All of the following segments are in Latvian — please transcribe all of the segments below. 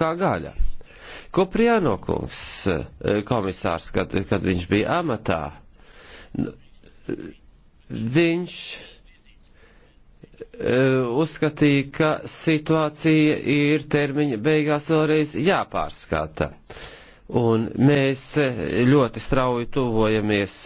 kā gaļa. Kopriano kungs, e, komisārs, kad, kad viņš bija amatā, viņš e, uzskatīja, ka situācija ir termiņa beigās vēlreiz jāpārskata. Un mēs e, ļoti strauji tuvojamies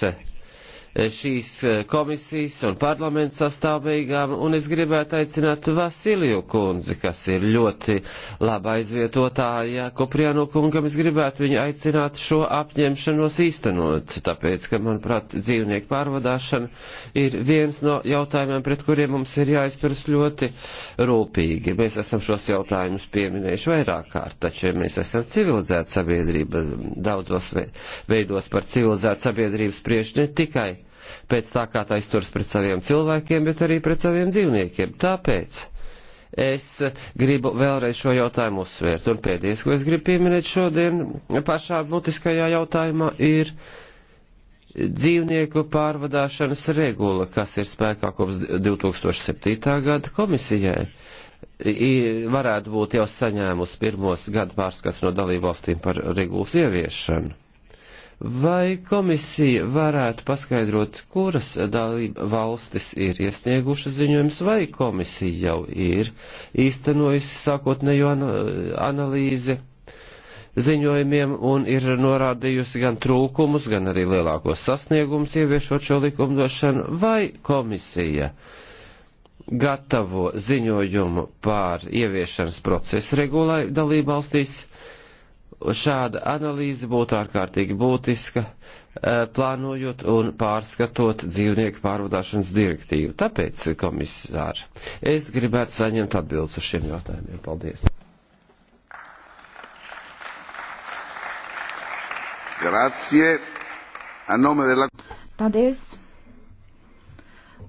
šīs eh, komisijas un parlamenta sastāvīgām, un es gribētu aicināt Vasiliju kundzi, kas ir ļoti laba aizvietotāja Koprianu kungam, es gribētu viņu aicināt šo apņemšanos īstenot, tāpēc, ka, manuprāt, dzīvnieku pārvadāšana ir viens no jautājumiem, pret kuriem mums ir jāizturas ļoti rūpīgi. Mēs esam šos jautājumus pieminējuši vairāk kārt, taču ja mēs esam civilizēta sabiedrība, daudzos veidos par civilizētu sabiedrību spriež ne tikai pēc tā, kā tā izturs pret saviem cilvēkiem, bet arī pret saviem dzīvniekiem. Tāpēc es gribu vēlreiz šo jautājumu uzsvērt. Un pēdējais, ko es gribu pieminēt šodien pašā būtiskajā jautājumā, ir dzīvnieku pārvadāšanas regula, kas ir spēkā kopš 2007. gada komisijai varētu būt jau saņēmusi pirmos gadu pārskats no dalībvalstīm par regulas ieviešanu. Vai komisija varētu paskaidrot, kuras dalība valstis ir iesniegušas ziņojums, vai komisija jau ir īstenojusi sākotnējo analīzi ziņojumiem un ir norādījusi gan trūkumus, gan arī lielākos sasniegumus ieviešot šo likumdošanu, vai komisija gatavo ziņojumu pār ieviešanas procesu regulai dalība valstīs? Šāda analīze būtu ārkārtīgi būtiska, eh, plānojot un pārskatot dzīvnieku pārvadāšanas direktīvu. Tāpēc, komisāri, es gribētu saņemt atbildes uz šiem jautājumiem. Paldies! Grazie. A nome della... Paldies.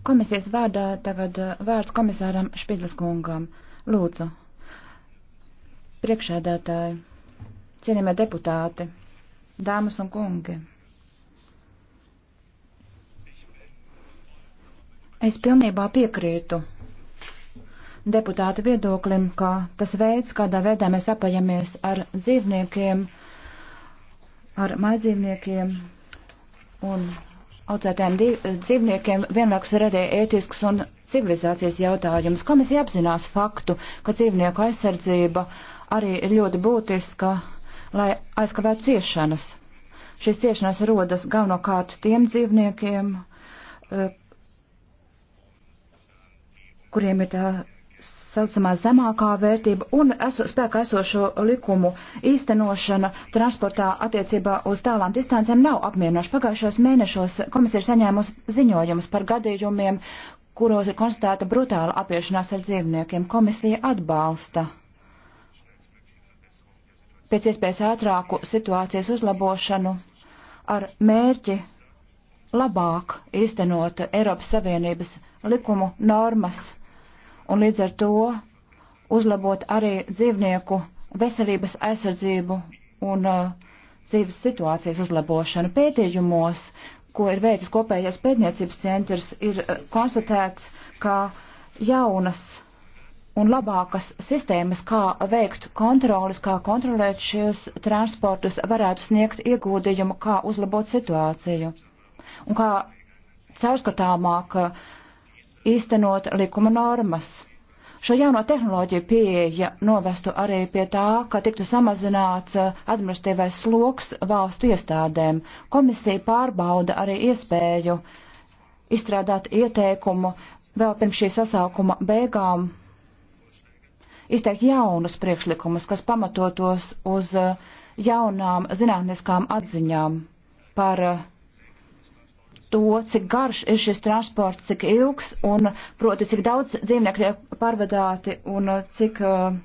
Komisijas vārdā tagad eh, vārds komisāram Špidlis kungam. Lūdzu. Priekšēdētāji cienījamie deputāti, dāmas un kungi. Es pilnībā piekrītu deputātu viedoklim, ka tas veids, kādā veidā mēs apaļamies ar dzīvniekiem, ar maidzīvniekiem un audzētājiem dzīvniekiem vienlaikus ir arī ētisks un civilizācijas jautājums. Komisija apzinās faktu, ka dzīvnieku aizsardzība arī ir ļoti būtiska lai aizkavētu ciešanas. Šīs ciešanas rodas galvenokārt tiem dzīvniekiem, eh, kuriem ir tā saucamā zemākā vērtība un eso, spēkā esošo likumu īstenošana transportā attiecībā uz tālām distancēm nav apmierinoša. Pagājušos mēnešos komisija ir saņēmusi ziņojumus par gadījumiem, kuros ir konstatēta brutāla apiešanās ar dzīvniekiem. Komisija atbalsta pēc iespējas ātrāku situācijas uzlabošanu ar mērķi labāk īstenot Eiropas Savienības likumu normas un līdz ar to uzlabot arī dzīvnieku veselības aizsardzību un uh, dzīves situācijas uzlabošanu. Pētījumos, ko ir veicis kopējais pētniecības centrs, ir uh, konstatēts, ka jaunas un labākas sistēmas, kā veikt kontrolas, kā kontrolēt šos transportus, varētu sniegt ieguldījumu, kā uzlabot situāciju un kā caurskatāmāk īstenot likuma normas. Šo jauno tehnoloģiju pieeja novestu arī pie tā, ka tiktu samazināts administratīvais sloks valstu iestādēm. Komisija pārbauda arī iespēju izstrādāt ieteikumu vēl pirms šī sasaukuma beigām izteikt jaunus priekšlikumus, kas pamatotos uz uh, jaunām zinātniskām atziņām par uh, to, cik garš ir šis transports, cik ilgs un proti, cik daudz dzīvnieku tiek pārvadāti un uh, cik uh,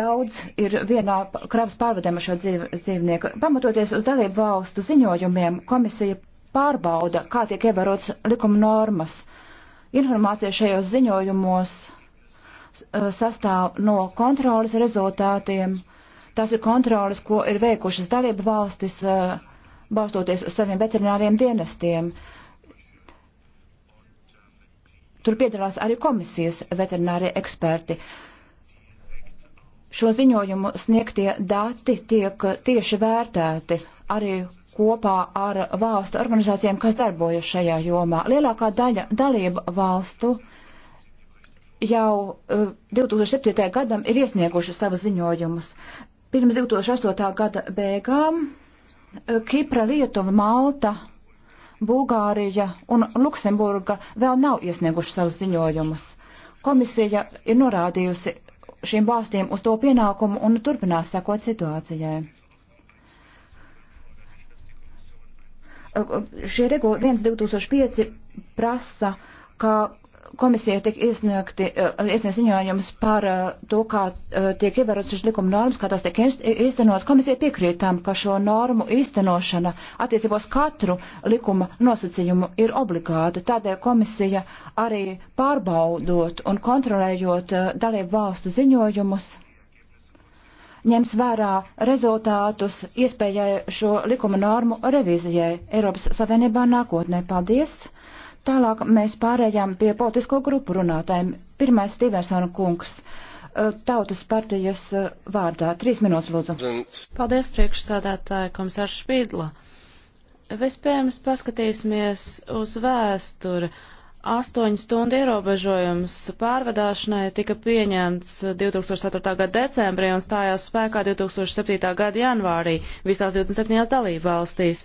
daudz ir vienā kravas pārvadēma šo dzīv, dzīvnieku. Pamatoties uz dalību valstu ziņojumiem, komisija pārbauda, kā tiek ievērots likuma normas. Informācija šajos ziņojumos Eh, sastāv no kontrolas rezultātiem. Tas ir kontrolas, ko ir veikušas dalību valstis, eh, balstoties uz saviem veterināriem dienestiem. Tur piedalās arī komisijas veterinārie eksperti. Šo ziņojumu sniegtie dati tiek tieši vērtēti arī kopā ar valstu organizācijām, kas darbojas šajā jomā. Lielākā daļa dalību valstu uh, jau 2007. Eh, gadam ir iesnieguši savus ziņojumus. Pirms 2008. gada beigām eh, Kipra, Lietuva, Malta, Bulgārija un Luksemburga vēl nav iesnieguši savus ziņojumus. Komisija ir norādījusi šīm valstīm uz to pienākumu un turpinās sekot situācijai. Eh, šie regula 1.2005 prasa, ka komisija tiek iesniegti, eh, iesniegts ziņojums par eh, to, kā eh, tiek ievērotas šīs likuma normas, kā tās tiek īstenotas. Komisija piekrīt tam, ka šo normu īstenošana attiecībos katru likuma nosacījumu ir obligāta. Tādēļ komisija arī pārbaudot un kontrolējot dalību valstu ziņojumus ņems vērā rezultātus iespējai šo likuma normu revīzijai Eiropas Savienībā nākotnē. Paldies! Tālāk mēs pārējām pie politisko grupu runātājiem. Pirmais Stīvensona kungs. Tautas partijas vārdā. Trīs minūtes, lūdzu. Paldies, priekšsādātāja komisārs Špīdla. Vispējams, paskatīsimies uz vēsturi. Astoņu stundu ierobežojums pārvadāšanai tika pieņemts 2004. gada decembrī un stājās spēkā 2007. gada janvārī visās 27 dalību valstīs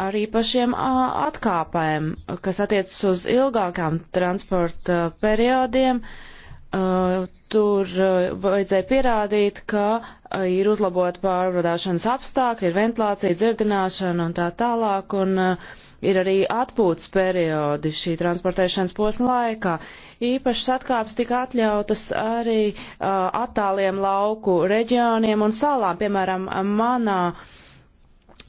arī par šiem atkāpēm, kas attiecas uz ilgākām transporta periodiem. Tur vajadzēja pierādīt, ka ir uzlabot pārvadāšanas apstākļi, ir ventilācija, dzirdināšana un tā tālāk, un ir arī atpūtas periodi šī transportēšanas posma laikā. Īpašas atkāpes tika atļautas arī attāliem lauku reģioniem un salām, piemēram, manā uh,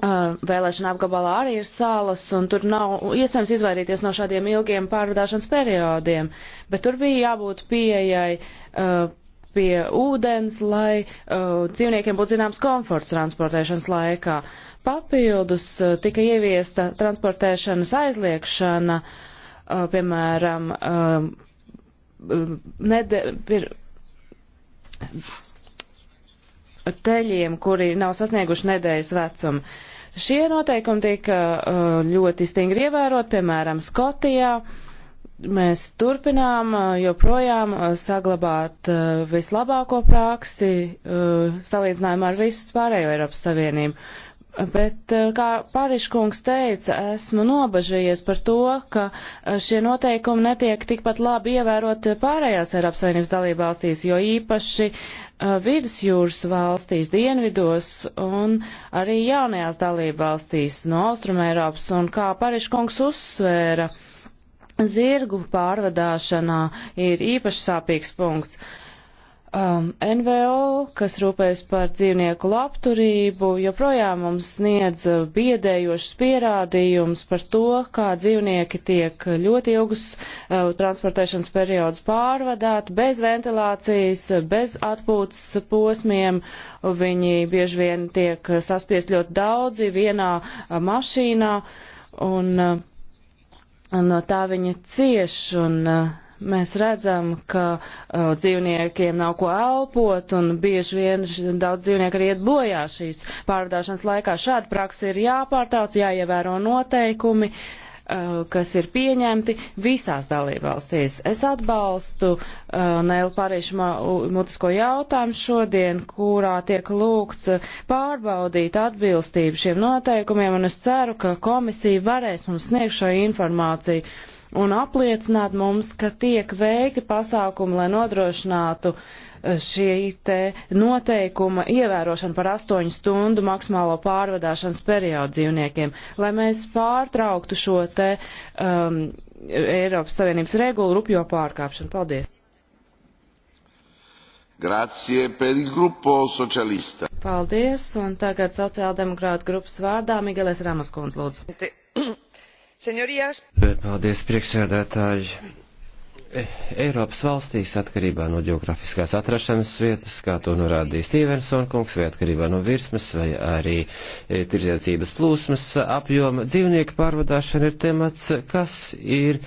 Uh, vēlēšana apgabalā arī ir salas, un tur nav iespējams izvairīties no šādiem ilgiem pārvadāšanas periodiem, bet tur bija jābūt pieejai uh, pie ūdens, lai uh, dzīvniekiem būtu zināms komforts transportēšanas laikā. Papildus uh, tika ieviesta transportēšanas aizliekšana, uh, piemēram, uh, uh nedēļ, pir, teļiem, kuri nav sasnieguši nedēļas vecumu. Šie noteikumi tika uh, ļoti stingri ievērot, piemēram, Skotijā. Mēs turpinām uh, joprojām uh, saglabāt vislabāko praksi salīdzinājumā ar visu pārējo Eiropas Savienību. Bet, kā Pāriškungs teica, esmu nobažījies par to, ka šie noteikumi netiek tikpat labi ievērot pārējās Eiropas Savienības dalībvalstīs, jo īpaši Uh, vidusjūras valstīs, dienvidos un arī jaunajās dalība valstīs no Austrumēropas un kā Pariškungs uzsvēra, zirgu pārvadāšanā ir īpaši sāpīgs punkts. Uh, um, NVO, kas rūpējas par dzīvnieku labturību, joprojām mums sniedz biedējošas pierādījumus par to, kā dzīvnieki tiek ļoti ilgus uh, transportēšanas periodus pārvadāti, bez ventilācijas, bez atpūtas posmiem. Viņi bieži vien tiek saspiest ļoti daudzi vienā uh, mašīnā, un uh, no tā viņa cieš. Un, uh, mēs redzam, ka uh, dzīvniekiem nav ko elpot un bieži vien daudz dzīvnieku arī iet bojā šīs pārvadāšanas laikā. Šāda praksa ir jāpārtauc, jāievēro noteikumi uh, kas ir pieņemti visās dalībvalstīs. Es atbalstu uh, Nēlu Parīšu mutisko jautājumu šodien, kurā tiek lūgts pārbaudīt atbilstību šiem noteikumiem, un es ceru, ka komisija varēs mums sniegt šo informāciju. Uh, un apliecināt mums, ka tiek veikti pasākumi, lai nodrošinātu eh, šī te noteikuma ievērošanu par 8 stundu maksimālo pārvadāšanas periodu dzīvniekiem, lai mēs pārtrauktu šo te um, Eiropas Savienības regulu rupjo pārkāpšanu. Paldies! Grazie per il gruppo socialista. Paldies, un tagad sociāldemokrāta grupas vārdā Migeles Ramaskons lūdzu. Señorías. Paldies, priekšsēdētāji. E, Eiropas valstīs atkarībā no geografiskās atrašanās vietas, kā to norādīja Stevenson kungs, vai atkarībā no virsmas, vai arī e, tirdzniecības plūsmas apjoma, dzīvnieku pārvadāšana ir temats, kas ir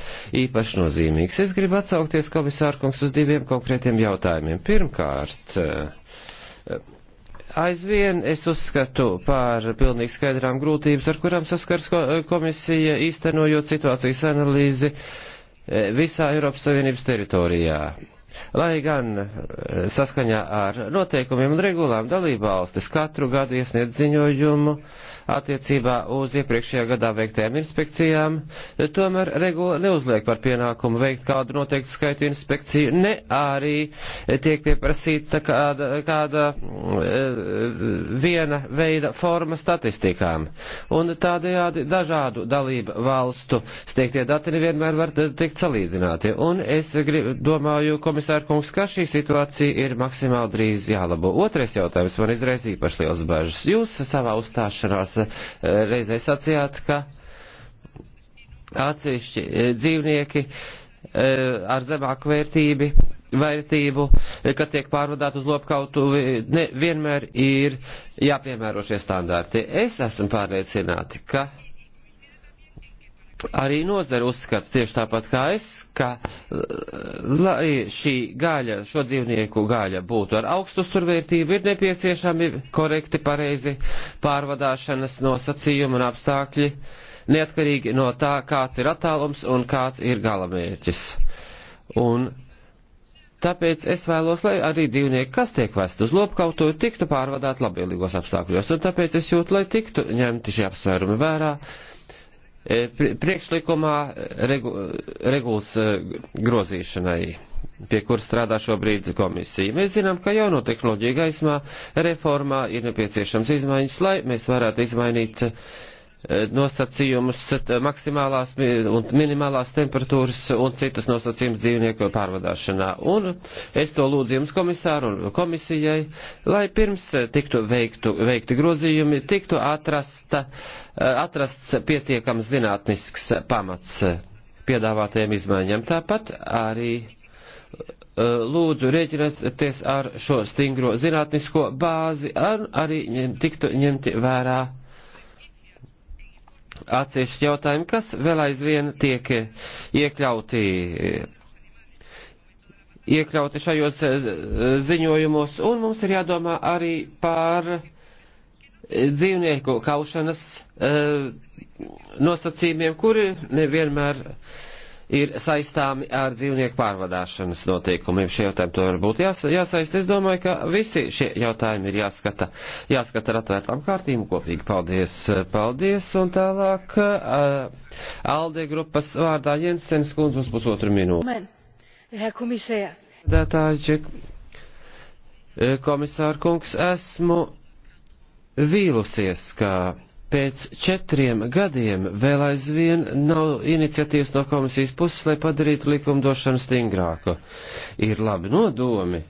īpaši nozīmīgs. Es gribu atsaukties, komisār kungs, uz diviem konkrētiem jautājumiem. Pirmkārt, e, aizvien es uzskatu par pilnīgi skaidrām grūtības, ar kurām saskars komisija īstenojot situācijas analīzi e, visā Eiropas Savienības teritorijā. Lai gan e, saskaņā ar noteikumiem un regulām dalībvalstis katru gadu iesniedz ziņojumu attiecībā uz iepriekšējā gadā veiktajām inspekcijām, tomēr regula neuzliek par pienākumu veikt kādu noteiktu skaitu inspekciju, ne arī tiek pieprasīta kāda, kāda eh, viena veida forma statistikām. Un tādējādi dažādu dalību valstu sniegtie dati nevienmēr var tikt salīdzināti. Un es grib, domāju, komisāra kungs, ka šī situācija ir maksimāli drīz jālabo. Otrais jautājums man izraisīja īpaši liels bažas. Jūs savā uzstāšanās Eh, reizē sacījāt, ka atsevišķi eh, dzīvnieki eh, ar zemāku vērtību, vērtību, kad tiek pārvadāt uz lopkautuvi, ne, vienmēr ir jāpiemēro šie standarti. Es esmu pārliecināti, ka arī nozara uzskats tieši tāpat kā es, ka eh, lai šī gaļa, šo dzīvnieku gaļa būtu ar augstu uzturvērtību, ir nepieciešami korekti pareizi pārvadāšanas nosacījumi un apstākļi, neatkarīgi no tā, kāds ir attālums un kāds ir galamērķis. Un Tāpēc es vēlos, lai arī dzīvnieki, kas tiek vest uz lopkautu, tiktu pārvadāti labvēlīgos apstākļos, un tāpēc es jūtu, lai tiktu ņemti šie apsvērumi vērā, uh, E, priekšlikumā regu, regulas e, grozīšanai, pie kur strādā šobrīd komisija. Mēs zinām, ka jauno tehnoloģiju gaismā reformā ir nepieciešams izmaiņas, lai mēs varētu izmainīt uh, Eh, nosacījumus, maksimālās un minimālās temperatūras un citus nosacījumus dzīvnieku pārvadāšanā. Un es to lūdzu jums komisāru un komisijai, lai pirms tiktu veiktu, veikti grozījumi, tiktu atrasta, eh, atrasts pietiekams zinātnisks pamats piedāvātajiem izmaiņām. Tāpat arī eh, lūdzu rēķināties ar šo stingro zinātnisko bāzi, ar arī ņem, tiktu ņemti vērā atsevišķi jautājumi, kas vēl aizvien tiek eh, iekļauti, eh, iekļauti šajos eh, ziņojumos, un mums ir jādomā arī par dzīvnieku kaušanas nosacījumiem, kuri nevienmēr ir saistāmi ar dzīvnieku pārvadāšanas noteikumiem. Šie jautājumi to varbūt jās, jāsaist. Es domāju, ka visi šie jautājumi ir jāskata, jāskata ar atvērtām kārtīm kopīgi. Paldies, paldies, un tālāk uh, Alde grupas vārdā Jensens kundz uz pusotru minūti. Dētāji, eh, komisāra kungs, esmu vīlusies, ka pēc četriem gadiem vēl aizvien nav iniciatīvas no komisijas puses, lai padarītu likumdošanu stingrāku. Ir labi nodomi,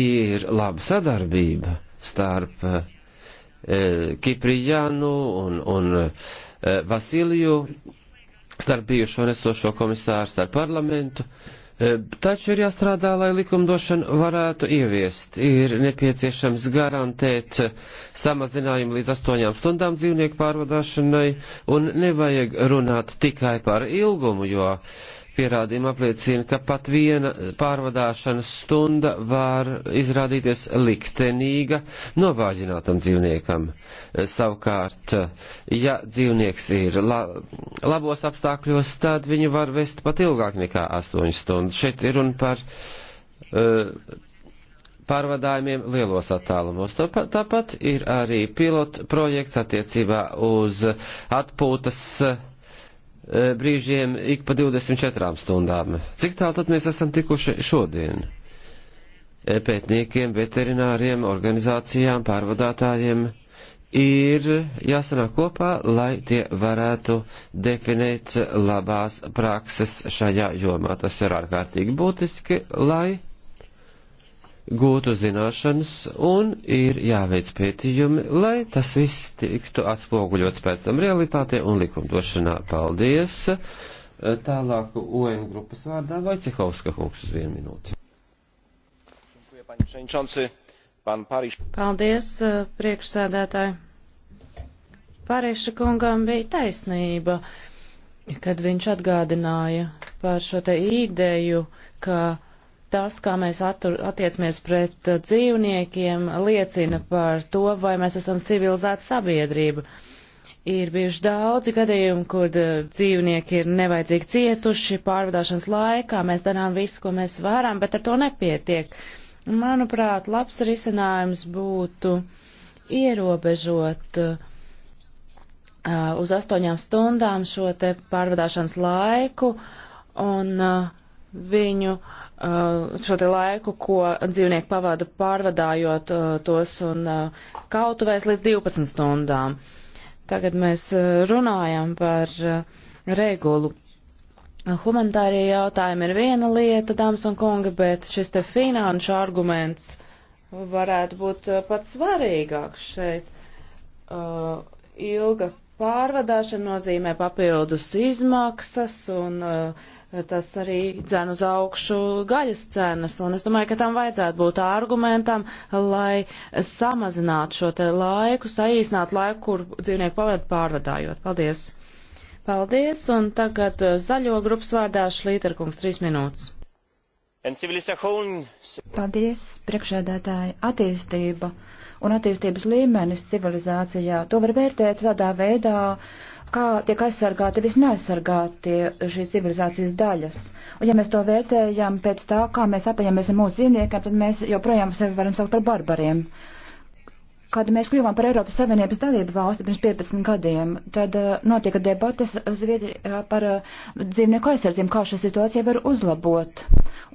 ir laba sadarbība starp e, eh, Kiprijānu un, un e, Vasiliju, starp bijušo un esošo komisāru, starp parlamentu. E, E, taču ir jāstrādā, lai likumdošanu varētu ieviest. Ir nepieciešams garantēt samazinājumu līdz astoņām stundām dzīvnieku pārvadāšanai, un nevajag runāt tikai par ilgumu, jo uh, pierādījumi apliecina, ka pat viena pārvadāšanas stunda var izrādīties liktenīga novāģinātam dzīvniekam. Savukārt, ja dzīvnieks ir la labos apstākļos, tad viņu var vest pat ilgāk nekā 8 stundas. Šeit ir runa par uh, pārvadājumiem lielos attālumos. Tāpat, tāpat ir arī pilota projekts attiecībā uz atpūtas uh, E, brīžiem ik pa 24 stundām. Cik tālu tad mēs esam tikuši šodien? E, pētniekiem, veterināriem, organizācijām, pārvadātājiem ir jāsanāk kopā, lai tie varētu definēt labās prakses šajā jomā. Tas ir ārkārtīgi būtiski, lai gūtu zināšanas un ir jāveic pētījumi, lai tas viss tiktu atspoguļots pēc tam realitātē un likumdošanā. Paldies! Tālāk OM grupas vārdā Vaicehovska kungs uz vienu minūti. Paldies, eh, priekšsēdētāji! Pārīša kungam bija taisnība, kad viņš atgādināja par šo te ideju, ka uh, tas, kā mēs attur, attiecamies pret uh, dzīvniekiem, liecina par to, vai mēs esam civilizēta sabiedrība. Ir bijuši daudzi gadījumi, kur uh, dzīvnieki ir nevajadzīgi cietuši pārvadāšanas laikā, mēs darām visu, ko mēs varam, bet ar to nepietiek. Manuprāt, labs risinājums būtu ierobežot uh, uh uz astoņām stundām šo te pārvadāšanas laiku un uh, viņu uh, Uh, šo te laiku, ko dzīvnieki pavada pārvadājot uh, tos un uh, kautuvēs līdz 12 stundām. Tagad mēs runājam par regulu. Humanitārie jautājumi ir viena lieta, dāmas un kungi, bet šis te finanšu arguments varētu būt pats svarīgāks šeit. Ilga pārvadāšana nozīmē papildus izmaksas un uh, tas arī dzēn uz augšu gaļas cenas, un es domāju, ka tam vajadzētu būt argumentam, lai samazinātu šo te laiku, saīsinātu laiku, kur dzīvnieku pavadu pārvadājot. Paldies! Paldies, un tagad uh, zaļo grupas vārdā Šlīterkungs, trīs minūtes. Paldies, priekšēdētāji, attīstība un attīstības līmenis civilizācijā. To var vērtēt tādā veidā, uh, kā tiek aizsargāti visneaizsargātie šīs civilizācijas daļas. Un ja mēs to vērtējam pēc tā, kā mēs apaļamies ar mūsu dzīvniekiem, tad mēs joprojām sevi varam saukt par barbariem. Kad mēs kļuvām par Eiropas Savienības dalību valsti pirms 15 gadiem, tad uh, notika debates Zviedrijā uh, par uh, dzīvnieku aizsardzību, kā šo situāciju var uzlabot.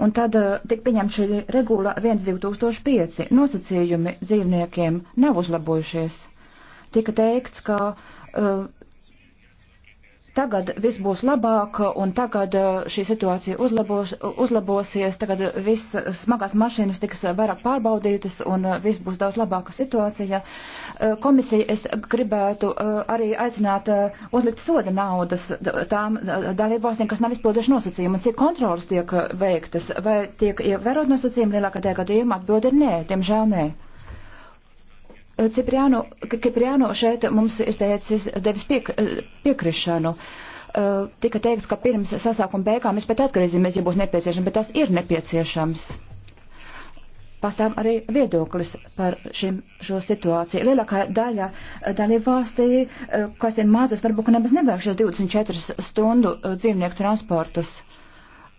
Un tad tika pieņemta šī regula 1.2005. Nosacījumi dzīvniekiem nav uzlabojušies. Tika teikts, ka uh, tagad viss būs labāk un tagad uh, šī situācija uzlabos, uzlabosies, tagad viss smagās mašīnas tiks vairāk pārbaudītas un uh, viss būs daudz labāka situācija. Uh, komisija es gribētu arī aicināt uzlikt soda naudas tām dalībvalstīm, kas nav izpilduši nosacījumu, cik kontrolas tiek veiktas, vai tiek ievērot nosacījumi lielākajā gadījumā atbildi ir nē, diemžēl nē. Eh, Cipriano, Cipriano šeit mums ir teicis, devis piek, eh, piekrišanu. Eh, Tika teikts, ka pirms sasākuma beigām mēs pat atgriezīsimies, ja būs nepieciešams, bet tas ir nepieciešams. Pastāv arī viedoklis par šim, šo situāciju. Lielākā daļa dalību valstī, kas ir mazas, varbūt nemaz nevajag šos 24 stundu dzīvnieku transportus.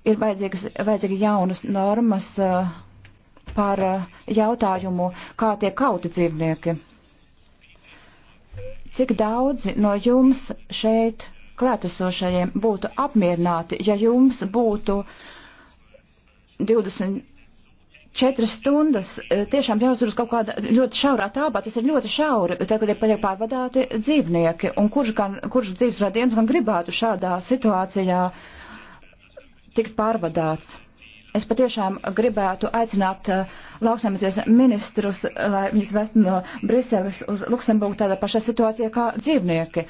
Ir vajadzīgas, vajadzīga jaunas normas. Uh, par eh, jautājumu, kā tiek kauti dzīvnieki. Cik daudzi no jums šeit klētesošajiem būtu apmierināti, ja jums būtu 24 stundas eh, tiešām jāuztur uz kaut kāda ļoti šaurā tāpā, tas ir ļoti šauri, tad, kad ir paliek pārvadāti dzīvnieki, un kurš, gan, kurš dzīves radījums gan gribētu šādā situācijā tikt pārvadāts. Es patiešām gribētu aicināt uh, lauksaimniecības ministrus, lai viņus vestu no Briseles uz Luksemburgu tādā pašā situācijā kā dzīvnieki.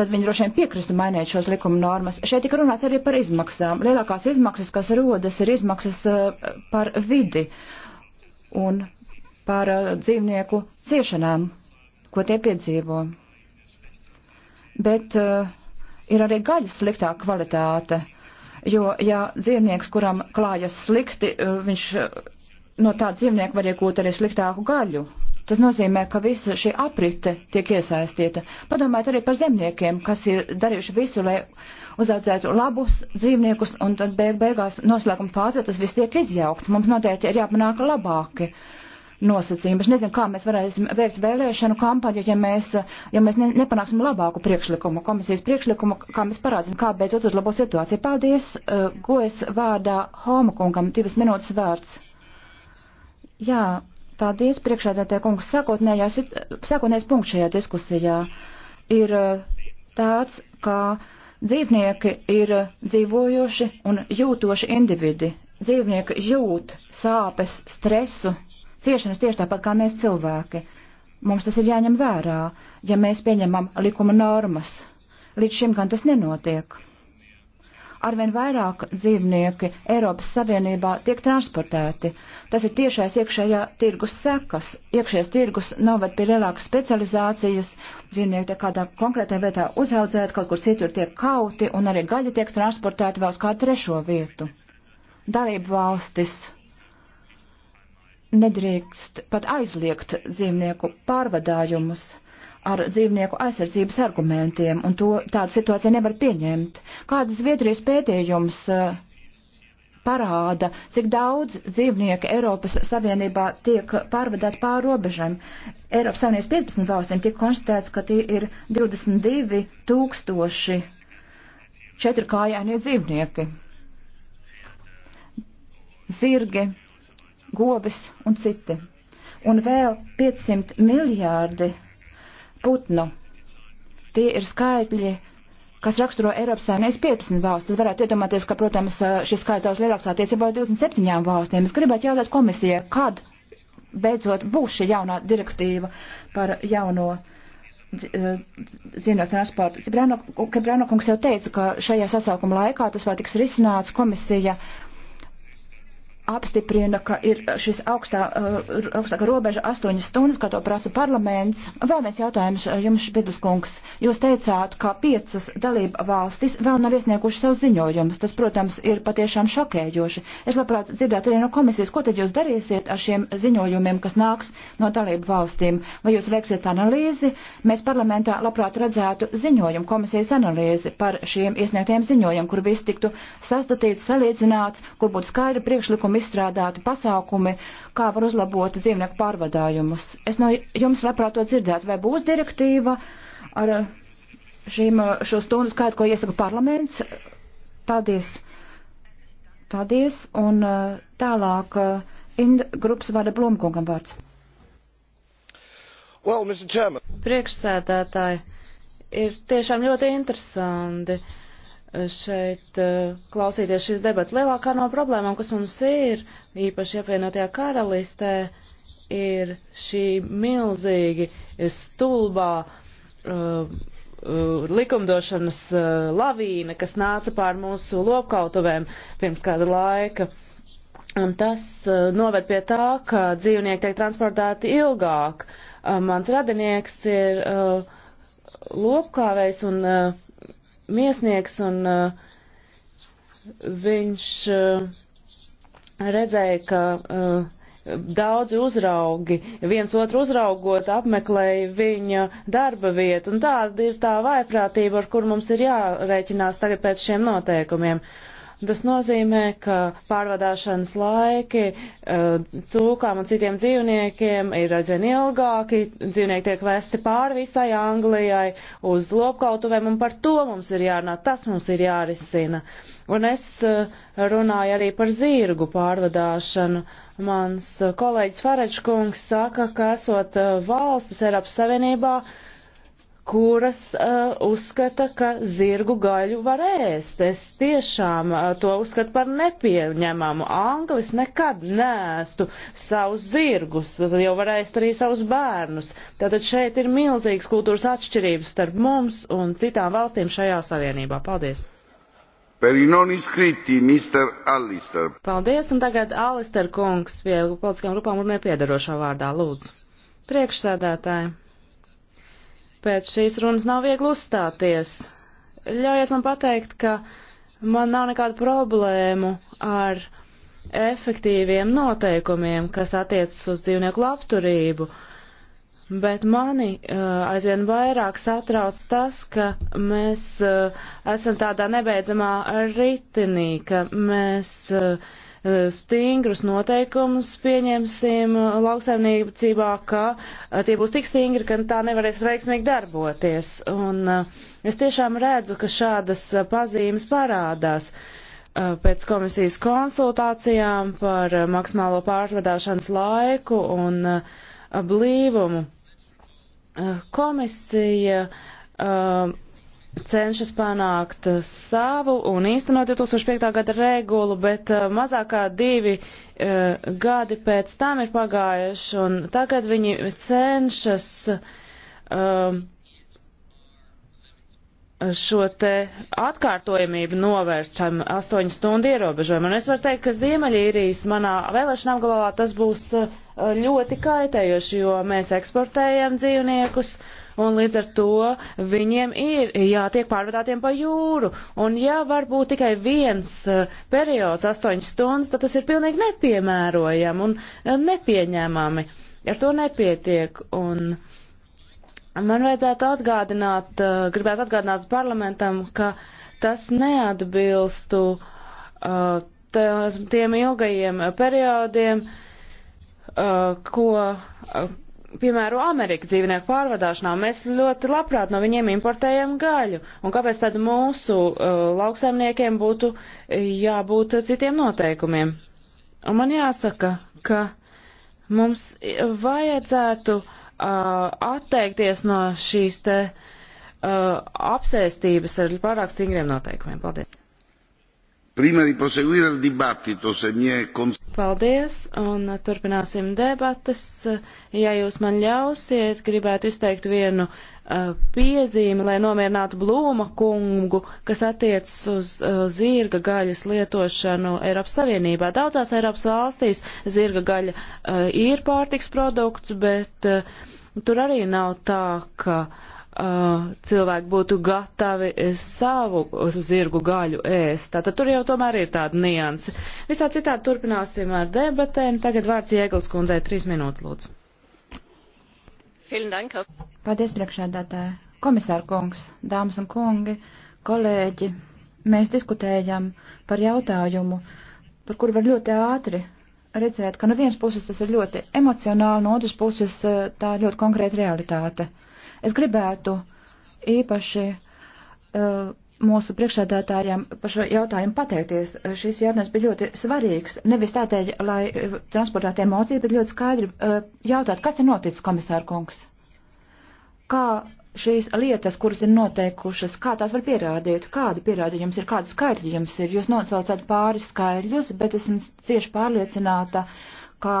Tad viņi droši vien piekristu mainīt šos likuma normas. Šeit tika runāts arī par izmaksām. Lielākās izmaksas, kas rodas, ir izmaksas uh, par vidi un par uh, dzīvnieku ciešanām, ko tie piedzīvo. Bet uh, ir arī gaļas sliktā kvalitāte. Uh, jo, ja dzīvnieks, kuram klājas slikti, eh, viņš eh, no tā dzīvnieka var iegūt arī sliktāku gaļu. Tas nozīmē, ka visa šī aprite tiek iesaistīta. Padomājiet arī par zemniekiem, kas ir darījuši visu, lai uzaudzētu labus dzīvniekus, un tad beig beigās noslēguma fāzē tas viss tiek izjaukts. Mums noteikti ir jāpanāk labāki. Uh, nosacījumi. Es nezinu, kā mēs varēsim veikt vēlēšanu kampaņu, ja mēs, ja mēs ne, nepanāksim labāku priekšlikumu, komisijas priekšlikumu, kā mēs parādīsim, kā beidzot uzlabo situāciju. Paldies, uh, gojas vārdā Homa kungam, divas minūtes vārds. Jā, paldies, priekšādātē kungs, sākotnējais punkts šajā diskusijā ir uh, tāds, ka dzīvnieki ir dzīvojoši un jūtoši individi. Dzīvnieki jūt sāpes, stresu, ciešanas tieši tāpat kā mēs cilvēki. Mums tas ir jāņem vērā, ja mēs pieņemam likuma normas. Līdz šim gan tas nenotiek. Arvien vairāk dzīvnieki Eiropas Savienībā tiek transportēti. Tas ir tiešais iekšējā tirgus sekas. Iekšējais tirgus noved pie lielākas specializācijas. Dzīvnieki tiek kādā konkrētā vietā uzraudzēti, kaut kur citur tiek kauti, un arī gaļa tiek transportēta vēl uz kādu trešo vietu. Darību valstis nedrīkst pat aizliegt dzīvnieku pārvadājumus ar dzīvnieku aizsardzības argumentiem, un to tādu situāciju nevar pieņemt. Kādas Zviedrijas pētījums eh, parāda, cik daudz dzīvnieku Eiropas Savienībā tiek pārvadāti pāri robežam. Eiropas Savienības 15 valstīm tiek konstatēts, ka tie ir 22 tūkstoši četrkājainie dzīvnieki. Zirgi, govis un citi. Un vēl 500 miljārdi putnu. Tie ir skaitļi, kas raksturo Eiropas saimnieks 15 valsts. Tad varētu iedomāties, ka, protams, šis skaitļi daudz lielāks attiecībā ar 27 valstīm. Es gribētu jautāt komisijai, kad beidzot būs šī jaunā direktīva par jauno eh, dzīvnieku transportu. Kebrāno kungs jau teica, ka šajā sasaukuma laikā tas vēl tiks risināts, komisija apstiprina, ka ir šis augstā, uh, augstāka robeža astoņas stundas, kā to prasa parlaments. Vēl viens jautājums uh, jums, Špidliskungs. Jūs teicāt, ka piecas dalība valstis vēl nav iesnieguši savus ziņojumus. Tas, protams, ir patiešām šokējoši. Es labprāt dzirdētu arī no komisijas, ko tad jūs darīsiet ar šiem ziņojumiem, kas nāks no dalību valstīm. Vai jūs veiksiet analīzi? Mēs parlamentā labprāt redzētu ziņojumu, komisijas analīzi par šiem iesniegtiem ziņojumiem, kur viss tiktu sastatīts, salīdzināts, kur būtu skaidri priekšlikumi izstrādāti pasākumi, kā var uzlabot dzīvnieku pārvadājumus. Es no jums labprāt to dzirdētu, vai būs direktīva ar uh, šīm, uh, šo stundu skaitu, ko iesaka parlaments. Paldies. Paldies. Un uh, tālāk Inda grupas vada Blomkungam vārds. Well, Priekšsēdētāji, ir tiešām ļoti interesanti šeit eh, klausīties šīs debats. Lielākā no problēmām, kas mums ir, īpaši apvienotajā karalistē, ir šī milzīgi stulbā uh, Uh, likumdošanas uh, lavīna, kas nāca pār mūsu lopkautuvēm pirms kāda laika. Un tas uh, noved pie tā, ka dzīvnieki tiek transportēti ilgāk. Mans radinieks ir lopkāvējs un miesnieks, un uh, viņš uh, redzēja, ka uh, daudzi uzraugi, viens otru uzraugot, apmeklēja viņa darba vietu, un tāda ir tā vaiprātība, ar kur mums ir jārēķinās tagad pēc šiem noteikumiem. Uh, Tas nozīmē, ka pārvadāšanas laiki eh, cūkām un citiem dzīvniekiem ir aizvien ilgāki, dzīvnieki tiek vesti pāri visai Anglijai uz lopkautuvēm, un par to mums ir jārunā, tas mums ir jārisina. Un es eh, runāju arī par zirgu pārvadāšanu. Mans eh, kolēģis Farečkungs saka, ka esot valstis Eiropas Savienībā, uh, kuras uh, uzskata, ka zirgu gaļu var ēst. Es tiešām uh, to uzskatu par nepieņemamu. Anglis nekad nēstu savus zirgus, tad jau var ēst arī savus bērnus. Tātad šeit ir milzīgas kultūras atšķirības starp mums un citām valstīm šajā savienībā. Paldies! Skriti, Paldies, un tagad Alister kungs pie politiskajām grupām un nepiedarošā vārdā, lūdzu. Priekšsēdētāji. Pēc šīs runas nav viegli uzstāties. Ļaujiet man pateikt, ka man nav nekādu problēmu ar efektīviem noteikumiem, kas attiecas uz dzīvnieku labturību, bet mani uh, aizvien vairāk satrauc tas, ka mēs uh, esam tādā nebeidzamā ritinī, ka mēs uh, Eh, stingrus noteikumus pieņemsim lauksaimniecībā, ka eh, tie būs tik stingri, ka tā nevarēs veiksmīgi darboties. Un eh, es tiešām redzu, ka šādas pazīmes parādās pēc komisijas konsultācijām par maksimālo pārvadāšanas laiku un blīvumu. Komisija cenšas panākt eh, savu un īstenot 2005. gada regulu, bet eh, mazāk kā divi uh, gadi pēc tam ir pagājuši, un tagad viņi cenšas uh, šo te atkārtojamību novērst šam astoņu stundu ierobežojumu. Un es varu teikt, ka Ziemeļīrijas manā vēlēšana apgabalā tas būs ļoti kaitējoši, jo mēs eksportējam dzīvniekus. Uh, un līdz ar to viņiem ir jātiek pārvadātiem pa jūru. Un ja var būt tikai viens eh, periods, astoņas stundas, tad tas ir pilnīgi nepiemērojami un eh, nepieņēmami. Ar to nepietiek. Un man vajadzētu atgādināt, eh, gribētu atgādināt parlamentam, ka tas neatbilstu tiem ilgajiem periodiem, ko piemēru Ameriku dzīvnieku pārvadāšanā, mēs ļoti labprāt no viņiem importējam gaļu. Un kāpēc tad mūsu uh, lauksaimniekiem būtu uh, jābūt citiem noteikumiem? Un man jāsaka, ka mums vajadzētu uh, atteikties no šīs te uh, apsēstības ar pārāk stingriem noteikumiem. Paldies! Prima di proseguire il dibattito, se mi è Paldies, un turpināsim debates. Ja jūs man ļausiet, gribētu izteikt vienu uh, piezīmi, lai nomierinātu Blūma kungu, kas attiecas uz uh, zirga gaļas lietošanu Eiropas Savienībā. Daudzās Eiropas valstīs zirga gaļa uh, ir pārtiks produkts, bet uh, tur arī nav tā, ka cilvēki būtu gatavi savu zirgu gaļu ēst. Tātad tur jau tomēr ir tāda nianse. Visā citādi turpināsim ar debatēm. Tagad vārds Jēglas kundzei trīs minūtes lūdzu. Paldies, priekšādātāji. Komisāra kungs, dāmas un kungi, kolēģi, mēs diskutējam par jautājumu, par kuru var ļoti ātri redzēt, ka no vienas puses tas ir ļoti emocionāli, no otras puses tā ir ļoti konkrēta realitāte. Uh, Es gribētu īpaši uh, mūsu priekšsēdētājiem par šo jautājumu pateikties. Eh, šis jautājums bija ļoti svarīgs. Nevis tādēļ, lai eh, transportētu emocijas, bet ļoti skaidri uh, jautāt, kas ir noticis, komisāra kungs? Kā šīs lietas, kuras ir noteikušas, kā tās var pierādīt, kādi pierādījumi jums ir, kādi skaitļi jums ir. Jūs nosaucāt pāris skaitļus, bet esmu cieši pārliecināta, uh, ka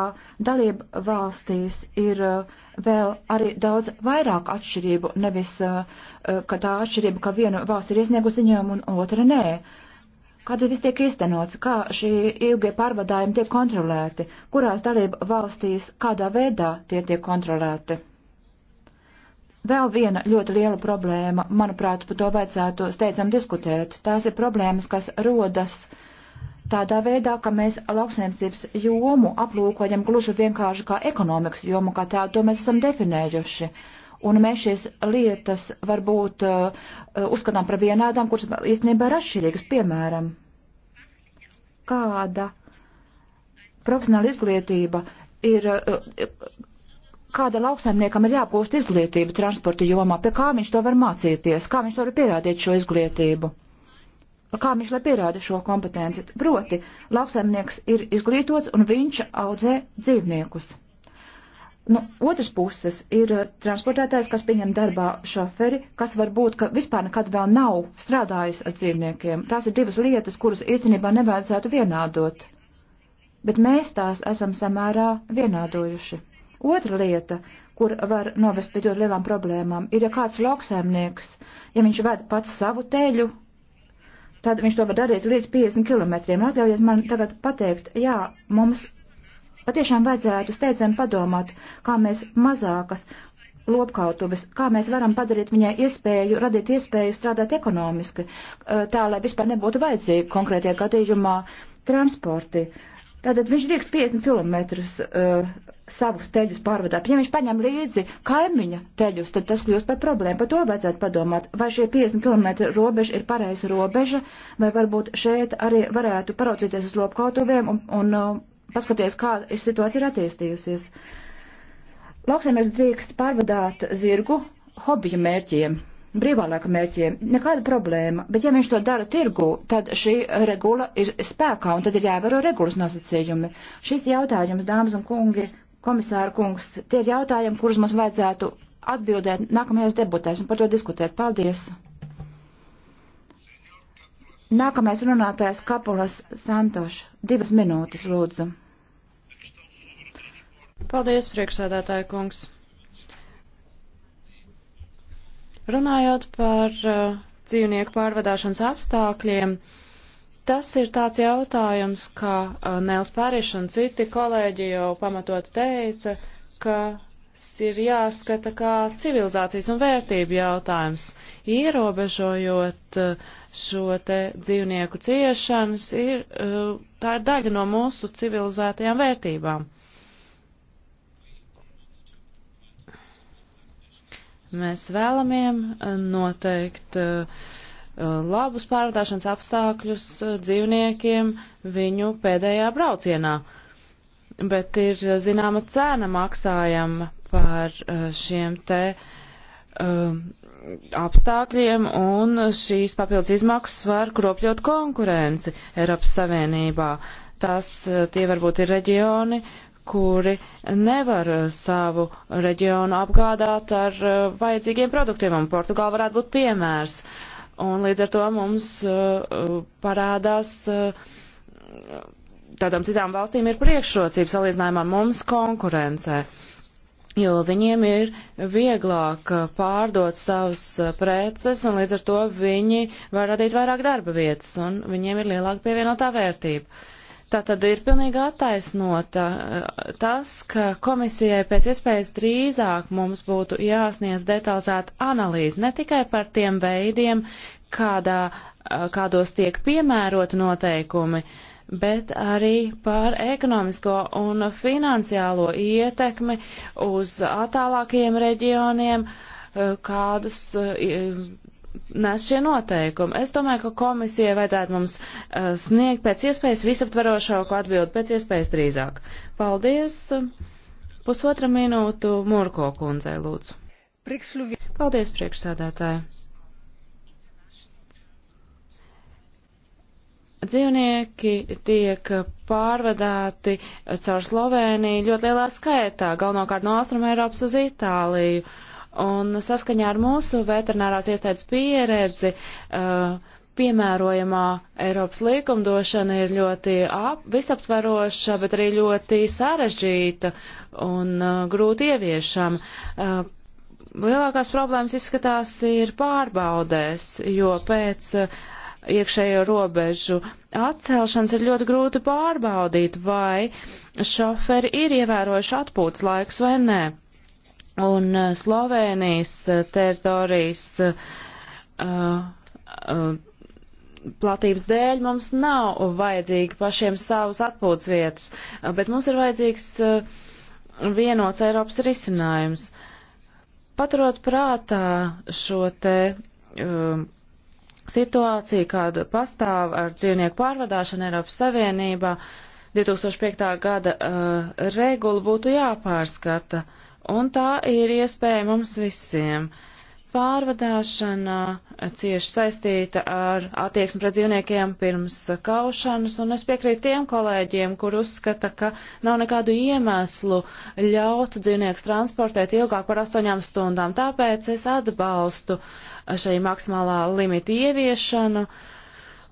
dalība valstīs ir eh, vēl arī daudz vairāk atšķirību, nevis, eh, eh, ka tā atšķirība, ka viena valsts ir iesniegusi ziņojumu un otra nē. Kā tas viss tiek īstenots, kā šī ilgie pārvadājumi tiek kontrolēti, kurās dalība valstīs, kādā veidā tie tiek kontrolēti. Vēl viena ļoti liela problēma, manuprāt, par to vajadzētu steidzam diskutēt. Tās ir problēmas, kas rodas uh, tādā veidā, ka mēs lauksaimniecības jomu aplūkojam gluži vienkārši kā ekonomikas jomu, kā tādu to mēs esam definējuši. Un mēs šīs lietas varbūt uh, uh, uzskatām par vienādām, kuras īstenībā ir atšķirīgas, piemēram, kāda profesionāla izglītība ir, uh, kāda lauksaimniekam ir jāpūst izglītība transporta jomā, pie kā viņš to var mācīties, kā viņš to var pierādīt šo izglītību kā viņš lai pierāda šo kompetenci. Proti, lauksaimnieks ir izglītots un viņš audzē dzīvniekus. No nu, otras puses ir eh, transportētājs, kas pieņem darbā šoferi, kas varbūt, ka vispār nekad vēl nav strādājis ar dzīvniekiem. Tās ir divas lietas, kuras īstenībā nevajadzētu vienādot. Bet mēs tās esam samērā vienādojuši. Otra lieta, kur var novest pie ļoti lielām problēmām, ir, ja kāds lauksēmnieks, ja viņš ved pats savu teļu tad viņš to var darīt līdz 50 kilometriem. Nu, atļaujiet man tagad pateikt, jā, mums patiešām vajadzētu steidzami padomāt, kā mēs mazākas lopkautuves, kā mēs varam padarīt viņai iespēju, radīt iespēju strādāt ekonomiski, tā, lai vispār nebūtu vajadzīgi konkrētajā gadījumā transporti. Uh, Tātad viņš drīkst 50 km uh, savus teļus pārvadāt. Ja viņš paņem līdzi kaimiņa teļus, tad tas kļūst par problēmu. Par to vajadzētu padomāt, vai šie 50 km robeža ir pareiza robeža, vai varbūt šeit arī varētu paraudzīties uz lopkautuvēm un, un uh, paskaties, kā situācija ir attīstījusies. Lauksaimnieks drīkst pārvadāt zirgu hobija mērķiem brīvā laika mērķiem, nekāda problēma, bet ja viņš to dara tirgu, tad šī regula ir spēkā un tad ir jāvēro regulas nosacījumi. Šis jautājums, dāmas un kungi, komisāra kungs, tie ir jautājumi, kurus mums vajadzētu atbildēt nākamajās debatēs un par to diskutēt. Paldies! Nākamais runātājs Kapulas Santoš. Divas minūtes, lūdzu. Paldies, priekšsēdētāja kungs. Runājot par uh, dzīvnieku pārvadāšanas apstākļiem, tas ir tāds jautājums, kā uh, Nēls Pāriš un citi kolēģi jau pamatot teica, ka ir jāskata kā civilizācijas un vērtību jautājums. Ierobežojot uh, šo te dzīvnieku ciešanas, ir, uh, tā ir daļa no mūsu civilizētajām vērtībām. Mēs vēlamiem e, noteikt e, e, labus pārvadāšanas apstākļus dzīvniekiem viņu pēdējā braucienā, bet ir zināma cena maksājama par šiem te apstākļiem, un šīs papildus izmaksas var kropļot konkurenci Eiropas Savienībā. Tas tie varbūt ir reģioni, kuri nevar eh, savu reģionu apgādāt ar eh, vajadzīgiem produktiem, un Portugāla varētu būt piemērs. Un līdz ar to mums eh, parādās tādām citām valstīm ir priekšrocības salīdzinājumā mums konkurencē jo viņiem ir vieglāk pārdot savas preces, un līdz ar to viņi var radīt vairāk darba vietas, un viņiem ir lielāka pievienotā vērtība. Tā tad ir pilnīgi attaisnota eh, tas, ka komisijai pēc iespējas drīzāk mums būtu jāsniedz detalizēta analīze ne tikai par tiem veidiem, kādā, eh, kādos tiek piemēroti noteikumi, bet arī par ekonomisko un finansiālo ietekmi uz attālākajiem reģioniem, eh, kādus nes šie noteikumi. Es domāju, ka komisijai vajadzētu mums uh, sniegt pēc iespējas visaptverošāku atbildi, pēc iespējas drīzāk. Paldies! Pusotra minūtu Murko kundzei lūdzu. Paldies, priekšsādātāji! dzīvnieki tiek pārvadāti caur Sloveniju ļoti lielā skaitā, galvenokārt no Austruma Eiropas uz Itāliju. Uh, Un saskaņā ar mūsu veterinārās iestādes pieredzi, uh, piemērojamā Eiropas likumdošana ir ļoti ap, visaptvaroša, bet arī ļoti sarežģīta un uh, grūti ieviešama. Uh, lielākās problēmas izskatās ir pārbaudēs, jo pēc uh, iekšējo robežu atcelšanas ir ļoti grūti pārbaudīt, vai šoferi ir ievērojuši atpūtas laiks vai nē un uh, Slovēnijas uh, teritorijas uh, uh, platības dēļ mums nav vajadzīgi pašiem savas atpūtas vietas, uh, bet mums ir vajadzīgs vienots Eiropas risinājums. Paturot prātā šo te um, situāciju, kāda pastāv ar dzīvnieku pārvadāšanu Eiropas Savienībā, 2005. gada uh, regula būtu jāpārskata. Uh, Un tā ir iespēja mums visiem. Pārvadāšana cieši saistīta ar attieksmi pret dzīvniekiem pirms kaušanas, un es piekrītu tiem kolēģiem, kur uzskata, ka nav nekādu iemeslu ļaut dzīvnieks transportēt ilgāk par astoņām stundām. Tāpēc es atbalstu šai maksimālā limita ieviešanu. Uh,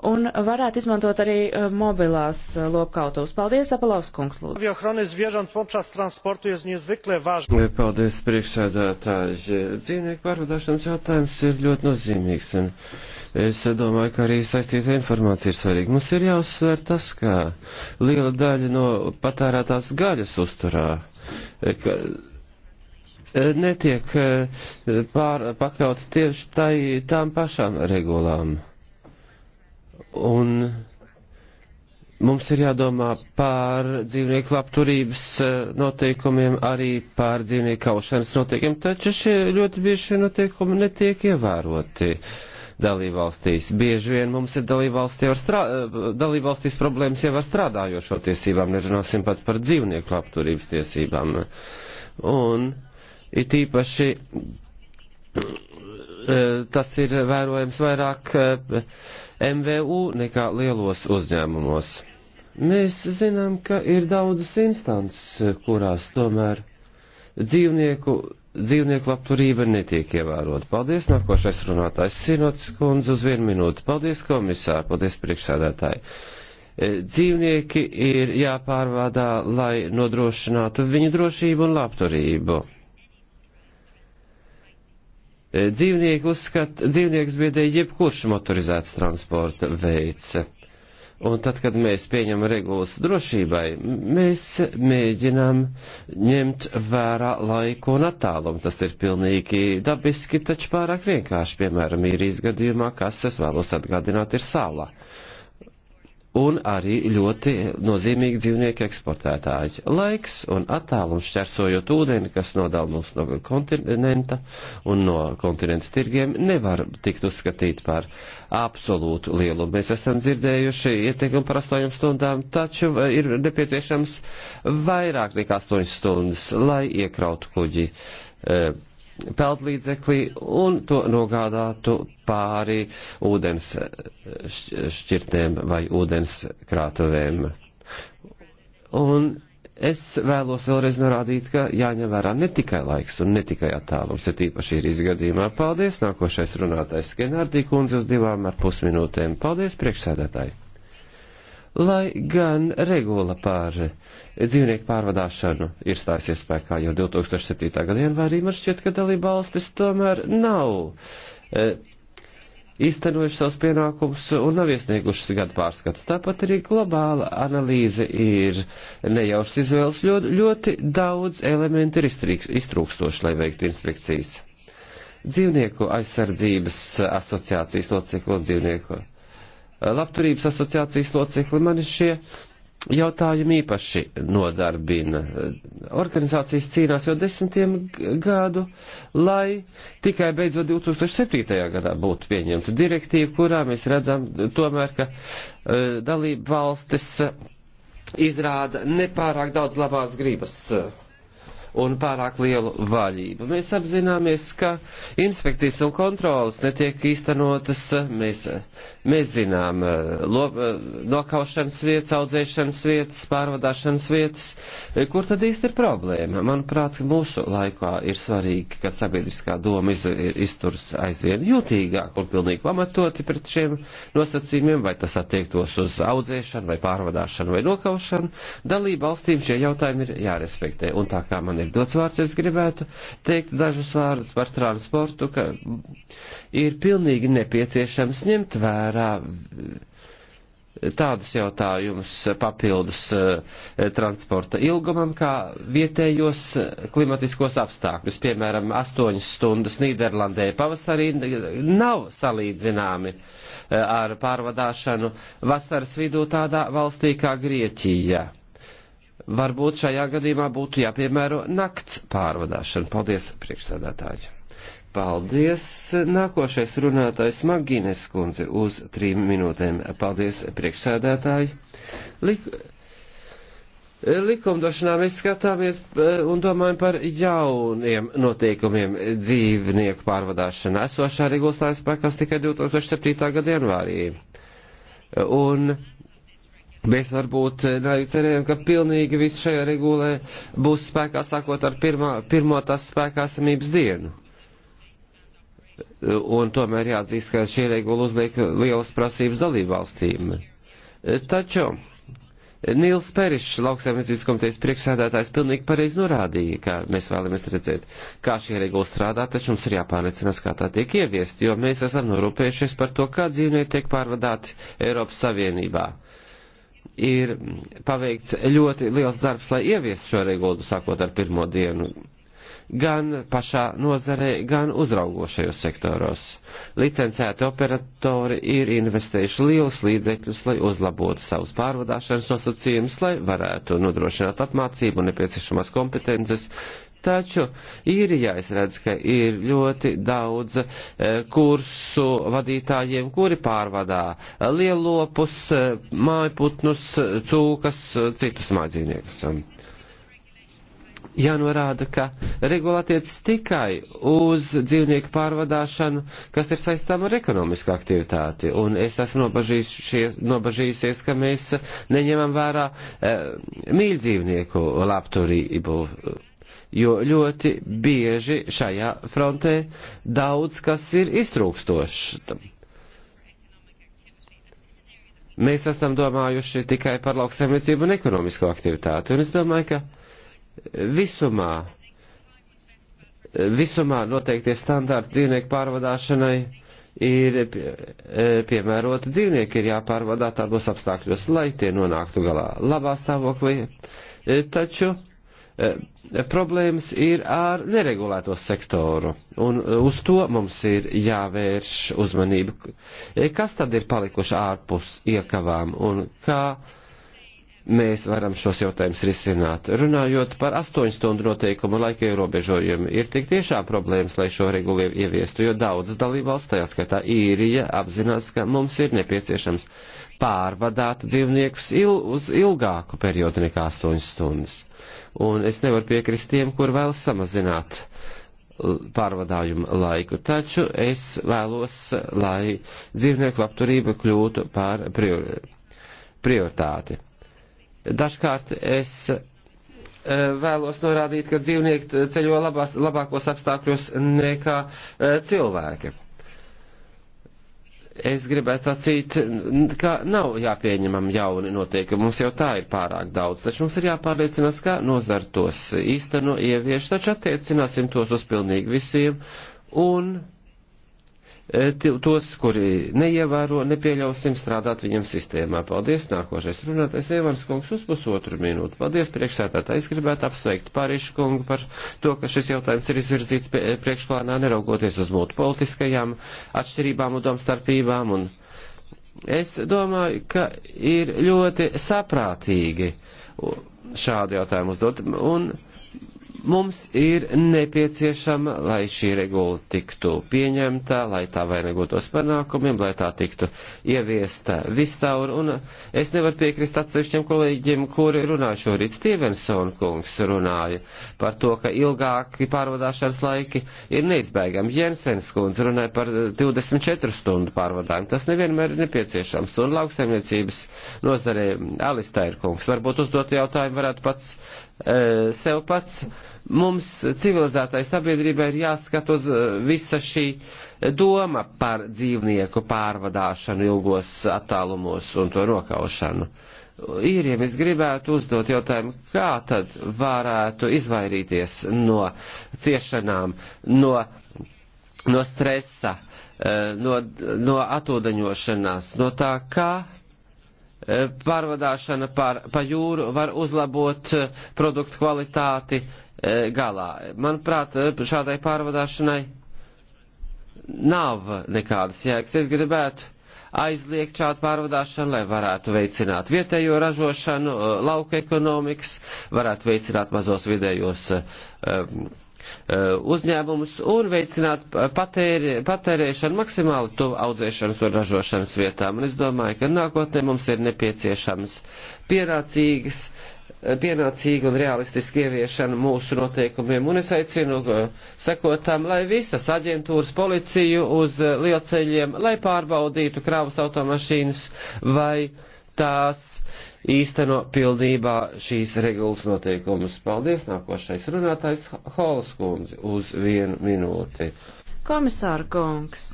un varētu izmantot arī eh, mobilās eh, lopkautuvus. Paldies, Apalavs kungs, lūdzu. Paldies, priekšsēdētāji. Dzīvnieku pārvadāšanas jautājums ir ļoti nozīmīgs, un es domāju, ka arī saistīta informācija ir svarīga. Mums ir jāuzsver tas, ka liela daļa no patērētās gaļas uzturā. Eh, ka, netiek pār, pakļauts tieši tai, tām pašām regulām. Un mums ir jādomā par dzīvnieku labturības eh, noteikumiem, arī par dzīvnieku kaušanas noteikumiem, taču šie ļoti bieži šie noteikumi netiek ievēroti dalībvalstīs. Bieži vien mums ir dalībvalstī strā... Eh, dalībvalstīs problēmas jau ar strādājošo tiesībām, nerunāsim pat par dzīvnieku labturības tiesībām. Un it īpaši Eh, tas ir vērojams vairāk eh, MVU nekā lielos uzņēmumos. Mēs zinām, ka ir daudzas instances, kurās tomēr dzīvnieku, dzīvnieku labturība netiek ievērota. Paldies, nākošais runātājs Sinots kundze uz vienu minūti. Paldies, komisāri, paldies, priekšsēdētāji. Eh, dzīvnieki ir jāpārvādā, lai nodrošinātu viņu drošību un labturību Eh, Dzīvnieku uzskat, dzīvnieks biedē jebkurš motorizēts transporta veids. Un tad, kad mēs pieņemam regulas drošībai, mēs mēģinām ņemt vērā laiku un attālumu. Tas ir pilnīgi dabiski, taču pārāk vienkārši, piemēram, īrijas gadījumā, kas, es vēlos atgādināt, ir sālā. Uh, un arī ļoti nozīmīgi dzīvnieku eksportētāji. Laiks un attālums šķērsojot ūdeni, kas nodala mums no kontinenta un no kontinents tirgiem, nevar tikt uzskatīt par absolūtu lielumu. Mēs esam dzirdējuši ieteikumu par 8 stundām, taču ir nepieciešams vairāk nekā 8 stundas, lai iekrautu kuģi. Uh, peltlīdzekli un to nogādātu pāri ūdens šķirtēm vai ūdens krātuvēm. Un es vēlos vēlreiz norādīt, ka jāņem vērā ne tikai laiks un ne tikai attālums, ja tīpaši ir izgadījumā. Paldies, nākošais runātais Skenārdī kundze uz divām ar pusminūtēm. Paldies, priekšsēdētāji! lai gan regula par dzīvnieku pārvadāšanu ir stājusies spēkā jau 2007. gada janvārī, man šķiet, ka dalība valstis tomēr nav e, iztenojuši savus pienākumus un nav iesniegušas gadu pārskats. Tāpat arī globāla analīze ir nejaušas izvēles, ļoti, ļoti daudz elementi ir iztrūkstoši, lai veiktu inspekcijas. Dzīvnieku aizsardzības asociācijas locekli un dzīvnieku labturības asociācijas locekli, mani šie jautājumi īpaši nodarbina. Eh, organizācijas cīnās jau desmitiem gadu, lai tikai beidzot 2007. gadā būtu pieņemta direktīva, kurā mēs redzam tomēr, ka eh, dalība valstis eh, izrāda nepārāk daudz labās gribas un pārāk lielu vaļību. Mēs apzināmies, ka inspekcijas un kontrolas netiek īstenotas. Mēs, mēs zinām eh, lo, eh, nokaušanas vietas, audzēšanas vietas, pārvadāšanas vietas. Eh, kur tad īsti ir problēma? Manuprāt, mūsu laikā ir svarīgi, ka sabiedriskā doma iz, izturs aizvien jūtīgāk un pilnīgi pamatoti pret šiem nosacījumiem, vai tas attiektos uz audzēšanu, vai pārvadāšanu, vai nokaušanu. Dalību valstīm šie jautājumi ir jārespektē. Un tā kā man man ir dots vārds, es gribētu teikt dažus vārdus par transportu, ka ir pilnīgi nepieciešams ņemt vērā tādus jautājumus papildus eh, transporta ilgumam, kā vietējos eh, klimatiskos apstākļus. Piemēram, 8 stundas Nīderlandē pavasarī nav salīdzināmi eh, ar pārvadāšanu vasaras vidū tādā valstī kā Grieķija Varbūt šajā gadījumā būtu jāpiemēro nakts pārvadāšana. Paldies, priekšsēdētāji. Paldies. Nākošais runātājs Magīnes kundze uz trim minūtēm. Paldies, priekšsēdētāji. Lik likumdošanā mēs skatāmies eh, un domājam par jauniem noteikumiem dzīvnieku pārvadāšana. Esošā regulas tā spēkās tikai 2007. gada janvārī. Un Mēs varbūt eh, naivi cerējam, ka pilnīgi viss šajā regulē būs spēkā sākot ar pirmā, pirmo tās spēkā esamības dienu. Eh, un tomēr jāatzīst, ka šī regula uzliek lielas prasības dalībvalstīm. Eh, taču Nils Perišs, lauksaimniecības komitejas priekšsēdētājs, pilnīgi pareizi norādīja, ka mēs vēlamies redzēt, kā šī regula strādā, taču mums ir jāpārliecinās, kā tā tiek ieviest, jo mēs esam norūpējušies par to, kā dzīvnieki tiek pārvadāti Eiropas Savienībā ir paveikts ļoti liels darbs, lai ieviestu šo regulu, sākot ar pirmo dienu gan pašā nozarē, gan uzraugošajos sektoros. Licencēti operatori ir investējuši lielus līdzekļus, lai uzlabotu savus pārvadāšanas nosacījumus, lai varētu nodrošināt apmācību un nepieciešamās kompetences Taču ir jāizredz, ka ir ļoti daudz e, kursu vadītājiem, kuri pārvadā e, lielopus, e, mājputnus, cūkas, citus mājdzīvniekus. Jānorāda, ka regula attiec tikai uz dzīvnieku pārvadāšanu, kas ir saistām ar ekonomisku aktivitāti, un es esmu nobažījusies, ka mēs neņemam vērā e, mīļdzīvnieku labturību. E, jo ļoti bieži šajā frontē daudz kas ir iztrūkstošs. Mēs esam domājuši tikai par lauksaimniecību un ekonomisko aktivitāti, un es domāju, ka visumā, visumā noteiktie standarti dzīvnieku pārvadāšanai ir e, piemēroti dzīvnieki, ir jāpārvadā tādos apstākļos, lai tie nonāktu galā labā stāvoklī. E, taču Eh, problēmas ir ar neregulēto sektoru, un eh, uz to mums ir jāvērš uzmanība. Eh, kas tad ir palikuši ārpus iekavām un kā mēs varam šos jautājumus risināt? Runājot par 8 stundu noteikumu laika ierobežojumu, ir tik tiešām problēmas, lai šo regulēju ieviestu, jo daudzas dalībvalsts, tajā skaitā īrija, apzinās, ka mums ir nepieciešams pārvadāt dzīvniekus il uz ilgāku periodu nekā 8 stundas un es nevaru piekrist tiem, kur vēl samazināt pārvadājumu laiku, taču es vēlos, lai dzīvnieku labturība kļūtu par prior prioritāti. Dažkārt es e, vēlos norādīt, ka dzīvnieki ceļo labās, labākos apstākļos nekā e, cilvēki es gribētu sacīt, ka nav jāpieņemam jauni noteikumi, mums jau tā ir pārāk daudz, taču mums ir jāpārliecinās, ka nozar tos īsteno ievieš, taču attiecināsim tos uz pilnīgi visiem, un Eh, tos, kuri neievēro, nepieļausim strādāt viņam sistēmā. Paldies, nākošais runātais Evans kungs uz pusotru minūtu. Paldies, priekšsētātājs, gribētu apsveikt Pārišu kungu par to, ka šis jautājums ir izvirzīts eh, priekšplānā, neraugoties uz mūtu politiskajām atšķirībām un domstarpībām. Un es domāju, ka ir ļoti saprātīgi šādi jautājumi uzdot. Un, Mums ir nepieciešama, lai šī regula tiktu pieņemta, lai tā vainagotos panākumiem, lai tā tiktu ieviesta viscaur. Un es nevaru piekrist atsevišķiem kolēģiem, kuri runāja šorīt. Stevenson kungs runāja par to, ka ilgāki pārvadāšanas laiki ir neizbēgami. Jensens kungs runāja par 24 stundu pārvadājumu. Tas nevienmēr ir nepieciešams. Un lauksaimniecības nozarē Alistair kungs varbūt uzdot jautājumu varētu pats E, sev pats. Mums civilizētai sabiedrībai ir jāskat uz e, visa šī doma par dzīvnieku pārvadāšanu ilgos attālumos un to nokaušanu. Īriem es gribētu uzdot jautājumu, kā tad varētu izvairīties no ciešanām, no, no stresa, e, no, no atūdaņošanās, no tā, kā Eh, pārvadāšana par, pa jūru var uzlabot eh, produktu kvalitāti eh, galā. Manuprāt, šādai pārvadāšanai nav nekādas jēgas. Es gribētu aizliegt šādu pārvadāšanu, lai varētu veicināt vietējo ražošanu, lauka ekonomikas, varētu veicināt mazos vidējos um, Uh, uzņēmumus un veicināt patēri, patērēšanu maksimāli tuvu audzēšanas un ražošanas vietām. Un es domāju, ka nākotnē mums ir nepieciešams pienācīgas, uh, pienācīga un realistiska ieviešana mūsu noteikumiem. Un es aicinu uh, sekotām, lai visas aģentūras policiju uz lielceļiem, lai pārbaudītu kravas automašīnas vai tās uh, īsteno pilnībā šīs regulas noteikumus. Paldies, nākošais runātājs Holas kundze uz vienu minūti. Komisāra kungs,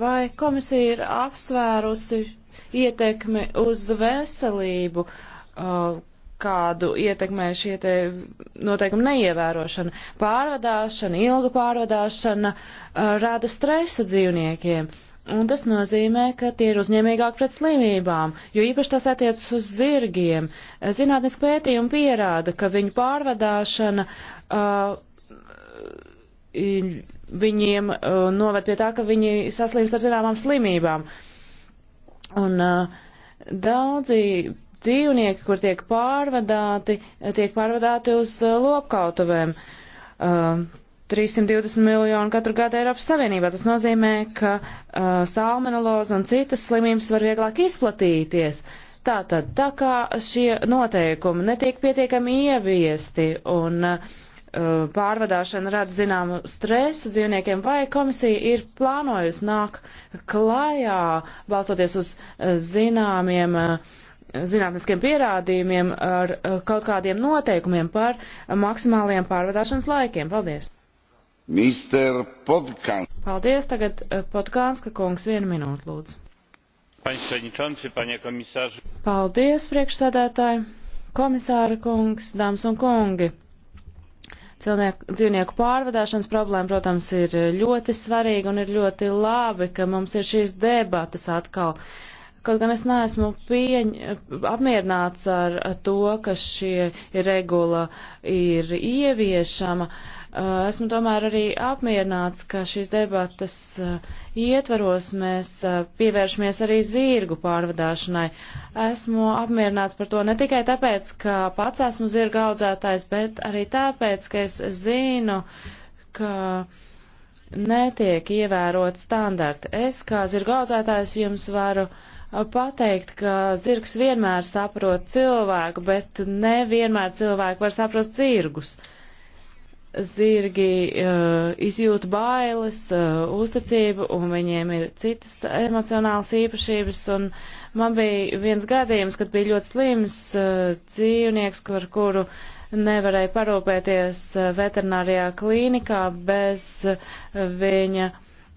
vai komisija ir apsvērusi ietekmi uz veselību? Uh, kādu ietekmē šie te noteikumi neievērošana. Pārvadāšana, ilga pārvadāšana uh, rada stresu dzīvniekiem. Un tas nozīmē, ka tie ir uzņēmīgāki pret slimībām, jo īpaši tas attiecas uz zirgiem. Zinātniski pētījumi pierāda, ka viņu pārvadāšana uh, viņiem uh, noved pie tā, ka viņi saslimst ar zināmām slimībām. Un uh, daudzi dzīvnieki, kur tiek pārvadāti, tiek pārvadāti uz uh, lopkautuvēm. Uh, 320 miljonu katru gadu Eiropas Savienībā. Tas nozīmē, ka uh, salmonelloze un citas slimības var vieglāk izplatīties. Tātad, tā kā šie noteikumi netiek pietiekami ieviesti un uh, pārvadāšana rada zināmu stresu dzīvniekiem, vai komisija ir plānojusi nāk klājā, balstoties uz uh, zināmiem uh, zinātniskiem pierādījumiem ar uh, kaut kādiem noteikumiem par maksimāliem pārvadāšanas laikiem. Paldies! Mr. Podkans. Paldies, tagad eh, Podkanska kungs, vienu minūtu lūdzu. Paldies, priekšsēdētāji, komisāra kungs, dāmas un kungi. Cilvēku, dzīvnieku pārvadāšanas problēma, protams, ir ļoti svarīga un ir ļoti labi, ka mums ir šīs debatas atkal. Kaut gan es neesmu pieņ, apmierināts ar to, ka šie regula ir ieviešama. Uh, Esmu tomēr arī apmierināts, ka šīs debatas ietvaros mēs pievēršamies arī zirgu pārvadāšanai. Esmu apmierināts par to ne tikai tāpēc, ka pats esmu zirga audzētājs, bet arī tāpēc, ka es zinu, ka netiek ievērot standarti. Es kā zirga audzētājs jums varu pateikt, ka zirgs vienmēr saprot cilvēku, bet nevienmēr cilvēku var saprast zirgus. Uh, zirgi uh, eh, izjūt bailes, uh, uzticību, un viņiem ir citas emocionālas īpašības. Un man bija viens gadījums, kad bija ļoti slims uh, dzīvnieks, par kuru nevarēja parūpēties veterinārijā klīnikā bez viņa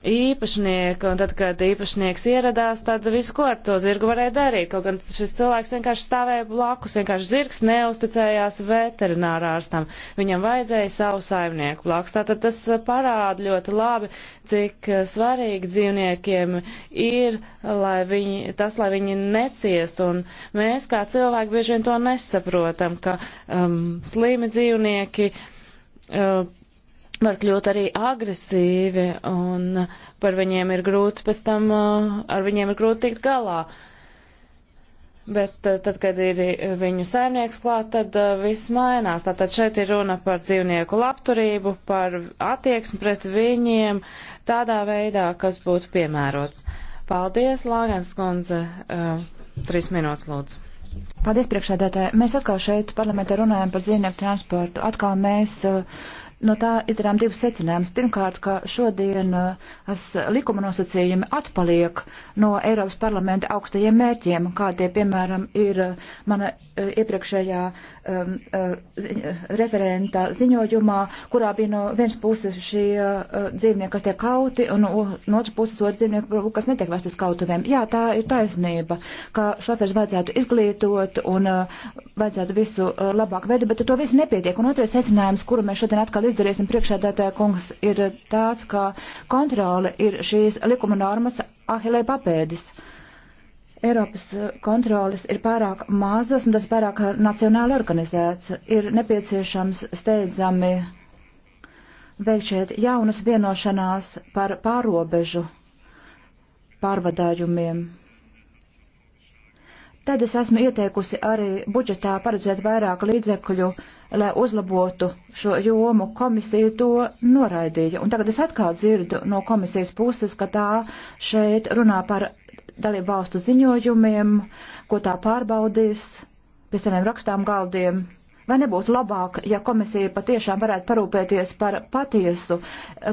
īpašnieku, un tad, kad īpašnieks ieradās, tad visu, ko ar to zirgu varēja darīt, kaut gan šis cilvēks vienkārši stāvēja blakus, vienkārši zirgs neusticējās veterinārārstam, viņam vajadzēja savu saimnieku blakus. Tātad tas parāda ļoti labi, cik svarīgi dzīvniekiem ir, lai viņi, tas, lai viņi neciest, un mēs kā cilvēki bieži vien to nesaprotam, ka um, slimi dzīvnieki. Uh, var kļūt arī agresīvi un par viņiem ir grūti pēc tam, ar viņiem ir grūti tikt galā. Bet tad, kad ir viņu saimnieks klāt, tad viss mainās. Tātad šeit ir runa par dzīvnieku labturību, par attieksmi pret viņiem tādā veidā, kas būtu piemērots. Paldies, Lāgens kundze, trīs minūtes lūdzu. Paldies, priekšsēdētāji. Mēs atkal šeit parlamentā runājam par dzīvnieku transportu. Atkal mēs uh, no tā izdarām divus secinājumus. Pirmkārt, ka šodienas eh, likuma nosacījumi atpaliek no Eiropas parlamenta augstajiem mērķiem, kādie, piemēram, ir eh, mana eh, iepriekšējā um, uh, referenta ziņojumā, kurā bija no vienas puses šie uh, dzīvnieki, kas tiek kauti, un no, no otras puses otrs dzīvnieki, kas netiek vest uz kautuvēm. Jā, tā ir taisnība, ka šoferis vajadzētu izglītot un uh, vajadzētu visu uh, labāk vedu, bet to viss nepietiek. Un otrais secinājums, kuru mēs šodien atkal kontroli izdarīsim priekšēdētāja kungs ir tāds, ka kontrole ir šīs likuma normas ahilē papēdis. Eiropas kontrolas ir pārāk mazas un tas pārāk nacionāli organizēts. Ir nepieciešams steidzami veikt šeit jaunas vienošanās par pārobežu pārvadājumiem. Tad es esmu ieteikusi arī budžetā paredzēt vairāk līdzekļu, lai uzlabotu šo jomu. Komisija to noraidīja. Un tagad es atkal dzirdu no komisijas puses, ka tā šeit runā par dalību valstu ziņojumiem, ko tā pārbaudīs pie saviem rakstām galdiem. Vai nebūtu labāk, ja komisija patiešām varētu parūpēties par patiesu,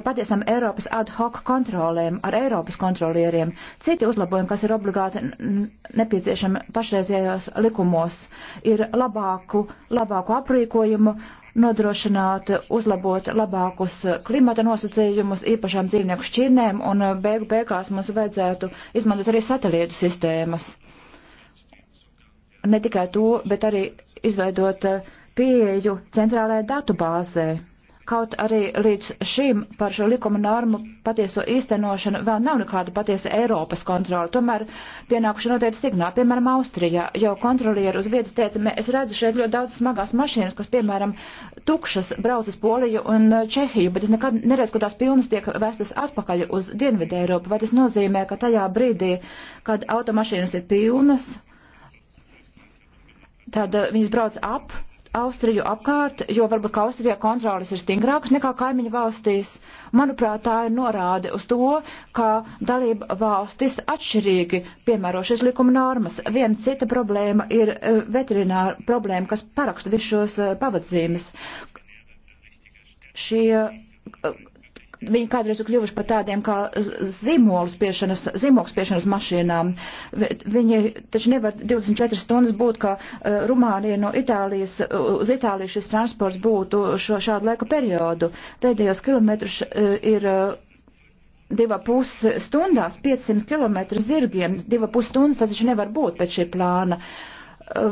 patiesam Eiropas ad hoc kontrolēm ar Eiropas kontrolieriem? Citi uzlabojumi, kas ir obligāti nepieciešami pašreizējos likumos, ir labāku, labāku aprīkojumu nodrošināt, uzlabot labākus klimata nosacījumus īpašām dzīvnieku šķirnēm, un beigu beigās mums vajadzētu izmantot arī satelītu sistēmas. Ne tikai to, bet arī izveidot uh, pieeju centrālajai datubāzē. Kaut arī līdz šim par šo likuma normu patieso īstenošanu vēl nav nekāda patiesa Eiropas kontrola. Tomēr pienākuši noteikti signāli, piemēram, Austrijā, jo kontrolieri uz vietas teica, es redzu šeit ļoti daudz smagās mašīnas, kas, piemēram, tukšas brauc uz Poliju un eh, Čehiju, bet es nekad neredzu, ka tās pilnas tiek vestas atpakaļ uz Dienvidu Eiropu. Vai tas nozīmē, ka tajā brīdī, kad automašīnas ir pilnas, tad eh, viņas brauc ap Austriju apkārt, jo varbūt ka Austrijā kontrolas ir stingrākas nekā kaimiņu valstīs. Manuprāt, tā ir norāde uz to, ka dalība valstis atšķirīgi piemēro šīs likuma normas. Viena cita problēma ir e, veterināra problēma, kas paraksta visus šos e, pavadzīmes. Šie e, Viņi kādreiz ir kļuvuši par tādiem kā zimolspiešanas, zimolspiešanas mašīnām. Viņi taču nevar 24 stundas būt, ka uh, Rumānija no Itālijas, uz Itāliju šis transports būtu šo šādu laiku periodu. Pēdējos kilometrus uh, ir. Uh, eh, Divā pus stundās 500 km zirgiem, divā pus stundas, tad taču nevar būt pēc šī plāna. Uh,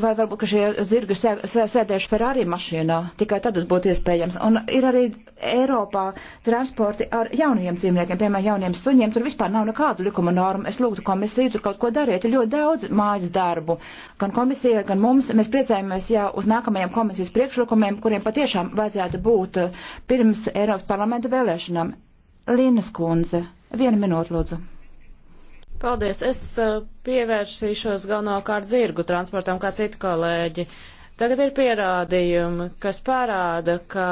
vai varbūt, ka šie zirgi sēdējuši Ferrari mašīnā, tikai tad tas būtu iespējams. Un ir arī Eiropā transporti ar jauniem dzīvniekiem, piemēram, jauniem suņiem, tur vispār nav nekādu likuma normu. Es lūgtu komisiju tur kaut ko darīt, ir ļoti daudz mājas darbu, gan komisija, gan mums. Mēs priecājamies jau uz nākamajiem komisijas priekšlikumiem, kuriem patiešām vajadzētu būt eh, pirms Eiropas parlamenta vēlēšanām. Līnas kundze, vienu minūtu lūdzu. Paldies. Es eh, pievērsīšos galvenokārt zirgu transportam kā citi kolēģi. Tagad ir pierādījumi, kas parāda, ka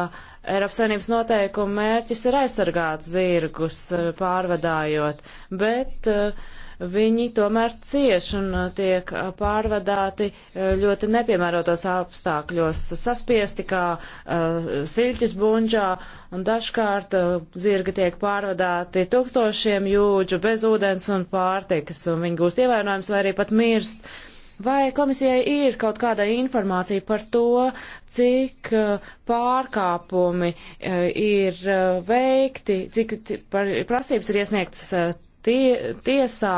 Eiropas Savienības noteikuma mērķis ir aizsargāt zirgus eh, pārvadājot, bet uh, viņi tomēr cieš un uh, tiek uh, pārvadāti uh, ļoti nepiemērotos apstākļos, saspiesti kā uh, siļķis bunģā, un dažkārt uh, zirgi tiek pārvadāti tūkstošiem jūdžu bez ūdens un pārtikas, un viņi gūst ievainojums vai arī pat mirst. Vai komisijai ir kaut kāda informācija par to, cik pārkāpumi ir veikti, cik prasības ir iesniegtas tie, tiesā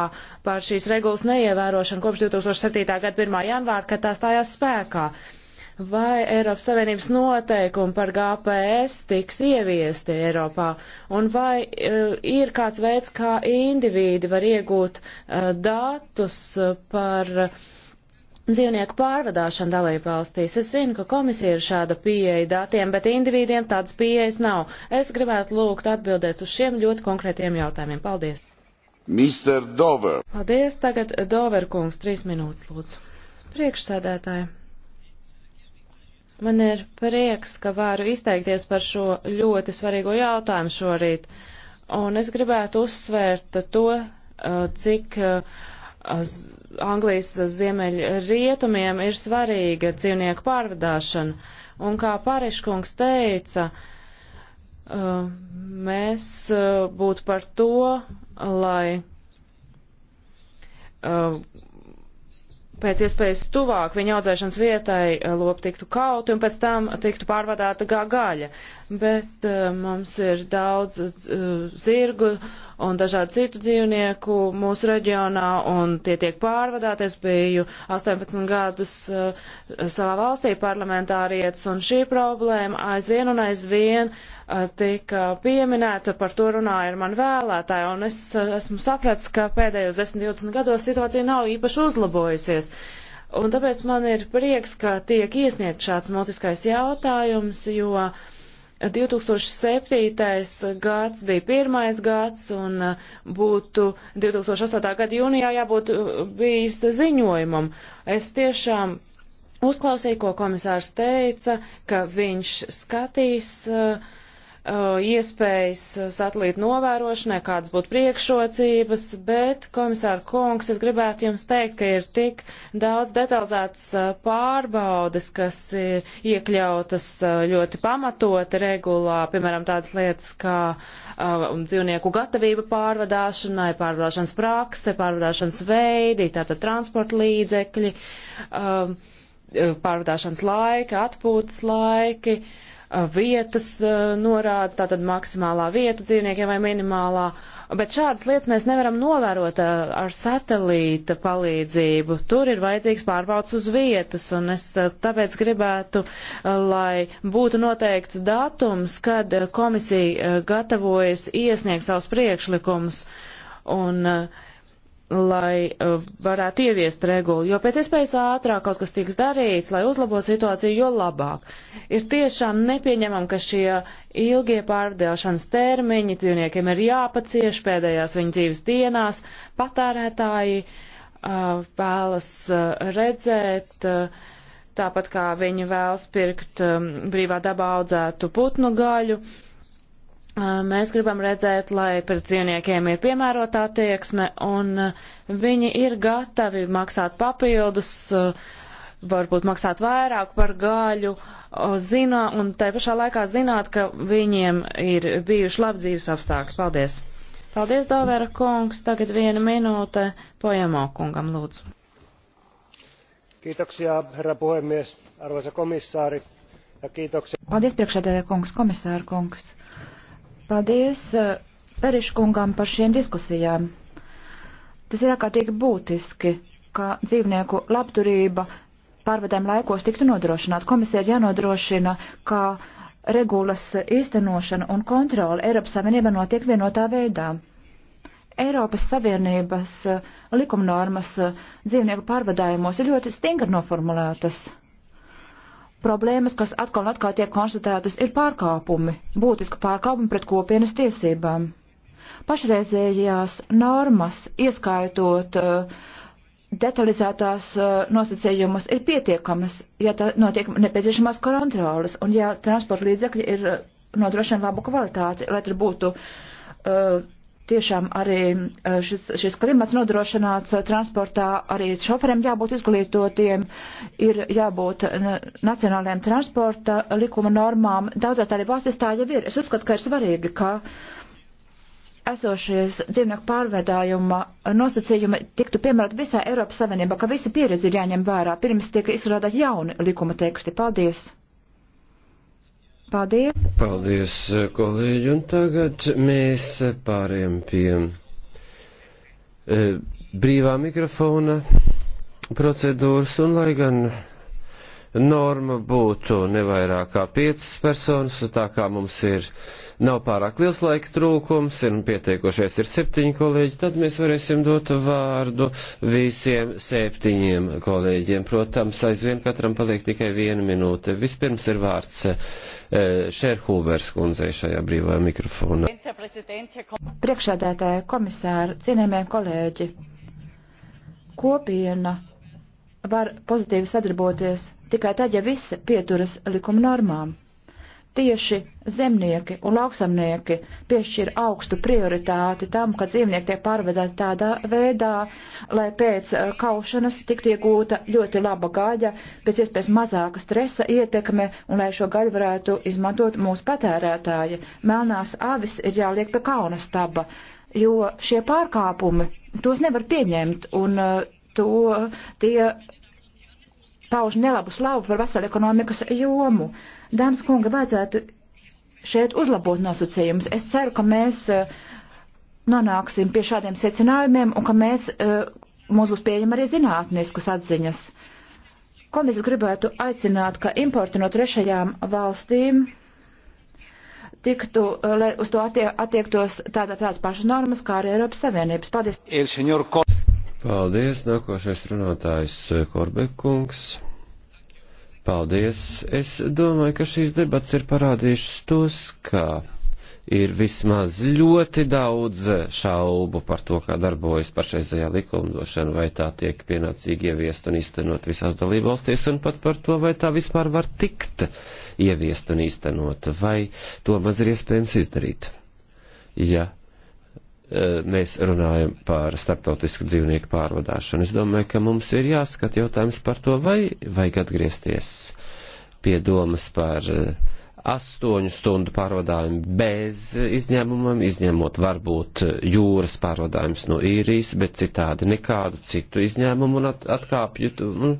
par šīs regulas neievērošanu kopš 2007. gada 1. janvāra, kad tā stājās spēkā. Vai Eiropas Savienības noteikumi par GPS tiks ieviesti Eiropā? Un vai uh, ir kāds veids, kā indivīdi var iegūt uh, datus par uh, dzīvnieku pārvadāšanu dalību valstīs? Es zinu, ka komisija ir šāda pieeja datiem, bet indivīdiem tādas pieejas nav. Es gribētu lūgt atbildēt uz šiem ļoti konkrētiem jautājumiem. Paldies! Mr. Dover. Paldies, tagad Dover kungs, trīs minūtes lūdzu. Priekšsēdētāji, man ir prieks, ka varu izteikties par šo ļoti svarīgo jautājumu šorīt, un es gribētu uzsvērt to, uh, cik uh, Anglijas ziemeļa rietumiem ir svarīga dzīvnieku pārvadāšana, un kā Pariškungs teica, uh, Eh, mēs eh, būtu par to, lai eh, pēc iespējas tuvāk viņa audzēšanas vietai lop tiktu kaut un pēc tam tiktu pārvadāta gā gaļa bet eh, mums ir daudz eh, zirgu un dažādu citu dzīvnieku mūsu reģionā, un tie tiek pārvadāti. Es biju 18 gadus eh, savā valstī parlamentārietis, un šī problēma aizvien un aizvien tika pieminēta, par to runāja ar mani vēlētāji, un es esmu sapratis, ka pēdējos 10-20 gados situācija nav īpaši uzlabojusies. Un tāpēc man ir prieks, ka tiek iesniegt šāds notiskais jautājums, jo uh, 2007. gads bija pirmais gads un uh, būtu 2008. gada jūnijā jābūt uh, bijis ziņojumam. Es tiešām uzklausīju, ko komisārs teica, ka viņš skatīs uh, Uh, iespējas satelītu novērošanai, kādas būtu priekšrocības, bet, komisāra kungs, es gribētu jums teikt, ka ir tik daudz detalizētas uh, pārbaudas, kas ir iekļautas uh, ļoti pamatoti regulā, piemēram, tādas lietas kā um, dzīvnieku gatavība pārvadāšanai, pārvadāšanas prakse, pārvadāšanas veidi, tātad transporta līdzekļi, um, pārvadāšanas laika, atpūtas laiki. Uh, Eh, vietas eh, norādes, tātad maksimālā vieta dzīvniekiem vai minimālā. Bet šādas lietas mēs nevaram novērot eh, ar satelīta palīdzību. Tur ir vajadzīgs pārbauds uz vietas, un es tāpēc gribētu, lai būtu noteikts datums, kad komisija gatavojas iesniegt savus priekšlikumus. Un uh, lai uh, varētu ieviest regulu, jo pēc iespējas ātrāk kaut kas tiks darīts, lai uzlabotu situāciju, jo labāk. Ir tiešām nepieņemam, ka šie ilgie pārdēlšanas termiņi dzīvniekiem ir jāpacieš pēdējās viņu dzīves dienās, patērētāji uh, vēlas uh, redzēt, uh, tāpat kā viņi vēlas pirkt um, brīvā dabā audzētu putnu gaļu Mēs gribam redzēt, lai pret dzīvniekiem ir piemērotā tieksme, un viņi ir gatavi maksāt papildus, varbūt maksāt vairāk par gaļu, zina, un tai pašā laikā zināt, ka viņiem ir bijuši labi dzīves apstākļi. Paldies! Paldies, Dovera kungs! Tagad viena minūte pojamo kungam lūdzu. Kiitoksia, herra puhemies, arvoisa komissaari, ja kiitoksia. Paldies, priekšēdētāja kungs, komisāra kungs Paldies eh, Periškungam par šiem diskusijām. Tas ir ārkārtīgi būtiski, ka dzīvnieku labturība pārvedēm laikos tiktu nodrošināta. Komisija ir jānodrošina, ka regulas īstenošana un kontrola Eiropas Savienībā notiek vienotā veidā. Eiropas Savienības eh, likumnormas eh, dzīvnieku pārvadājumos ir ļoti stingri noformulētas problēmas, kas atkal un atkal tiek konstatētas, ir pārkāpumi, būtiski pārkāpumi pret kopienas tiesībām. Pašreizējās normas, ieskaitot uh, detalizētās uh, nosacījumus, ir pietiekamas, ja tā notiek nepieciešamās kontrolas un ja transporta līdzekļi ir eh, nodrošina labu kvalitāti, lai tur būtu uh, tiešām arī eh, šis, šis klimats nodrošināts eh, transportā, arī šoferiem jābūt izglītotiem, ir jābūt nacionālajiem transporta likuma normām. Daudzās arī valstis tā jau ir. Es uzskatu, ka ir svarīgi, ka esošies dzīvnieku pārvedājuma nosacījumi tiktu piemērot visā Eiropas Savienībā, ka visi pieredzi ir jāņem vērā, pirms tiek izstrādāt jauni likuma teksti. Paldies! Paldies! Paldies, kolēģi! Un tagad mēs pāriem pie e, brīvā mikrofona procedūras, un lai gan norma būtu nevairāk kā piecas personas, tā kā mums ir nav pārāk liels laika trūkums, ir pietiekošais ir septiņi kolēģi, tad mēs varēsim dot vārdu visiem septiņiem kolēģiem. Protams, aizvien katram paliek tikai viena minūte. Vispirms ir vārds eh, Šerhūbers kundzei šajā brīvā mikrofonā. Priekšādētāja komisāra, cienījamie kolēģi, kopiena var pozitīvi sadarboties tikai tad, ja visi pieturas likuma normām tieši zemnieki un lauksamnieki piešķir augstu prioritāti tam, ka dzīvnieki tiek pārvedāti tādā veidā, lai pēc eh, kaušanas tiktu iegūta ļoti laba gaļa, pēc iespējas mazāka stresa ietekme un lai šo gaļu varētu izmantot mūsu patērētāji. Melnās avis ir jāliek pie kauna staba, jo šie pārkāpumi, tos nevar pieņemt un eh, to tie pauž nelabu slavu par veselu ekonomikas jomu. Uh, Dāmas kunga, vajadzētu šeit uzlabot nosacījumus. Es ceru, ka mēs e, nonāksim pie šādiem secinājumiem un ka mēs, e, mums būs pieejama arī zinātniskas atziņas. Komisija gribētu aicināt, ka importi no trešajām valstīm tiktu, e, lai uz to attie, attiektos tādā pēc pašas normas, kā arī Eiropas Savienības. Paldies! Paldies! Nākošais runātājs Korbekungs. Paldies! Es domāju, ka šīs debats ir parādījušas tos, ka ir vismaz ļoti daudz šaubu par to, kā darbojas pašreizējā likumdošana, vai tā tiek pienācīgi ieviest un īstenot visās dalībvalstīs, un pat par to, vai tā vispār var tikt ieviest un īstenot, vai to maz ir iespējams izdarīt. Ja Eh, mēs runājam par starptautisku dzīvnieku pārvadāšanu. Es domāju, ka mums ir jāskat jautājums par to, vai vajag atgriezties pie domas par eh, astoņu stundu pārvadājumu bez izņēmumam, izņemot varbūt eh, jūras pārvadājums no īrijas, bet citādi nekādu citu izņēmumu un at atkāpju. Un, nu,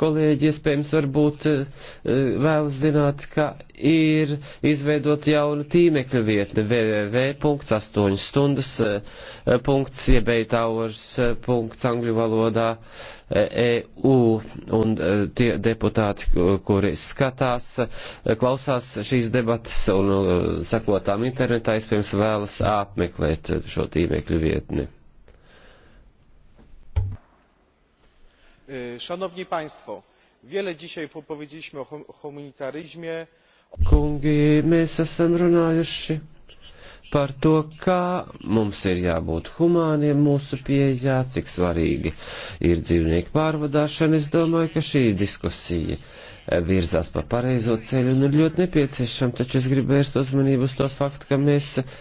kolēģi iespējams varbūt eh, vēlas zināt, ka ir izveidot jauna tīmekļa vietne www.8stundas.iebeitaurs.angļu eh, eh, valodā EU e un tie deputāti, kuri skatās, klausās šīs debatas un sekotām internetā, iespējams vēlas apmeklēt šo tīmekļu vietni. E, wiele dzisiaj powiedzieliśmy o humanitaryzmie. Kungi, mēs esam runājuši par to, kā mums ir jābūt humāniem mūsu pieejā, cik svarīgi ir dzīvnieku pārvadāšana. Es domāju, ka šī diskusija virzās pa pareizo ceļu un ir ļoti nepieciešama, taču es gribu vērst uzmanību uz to faktu, ka mēs uh,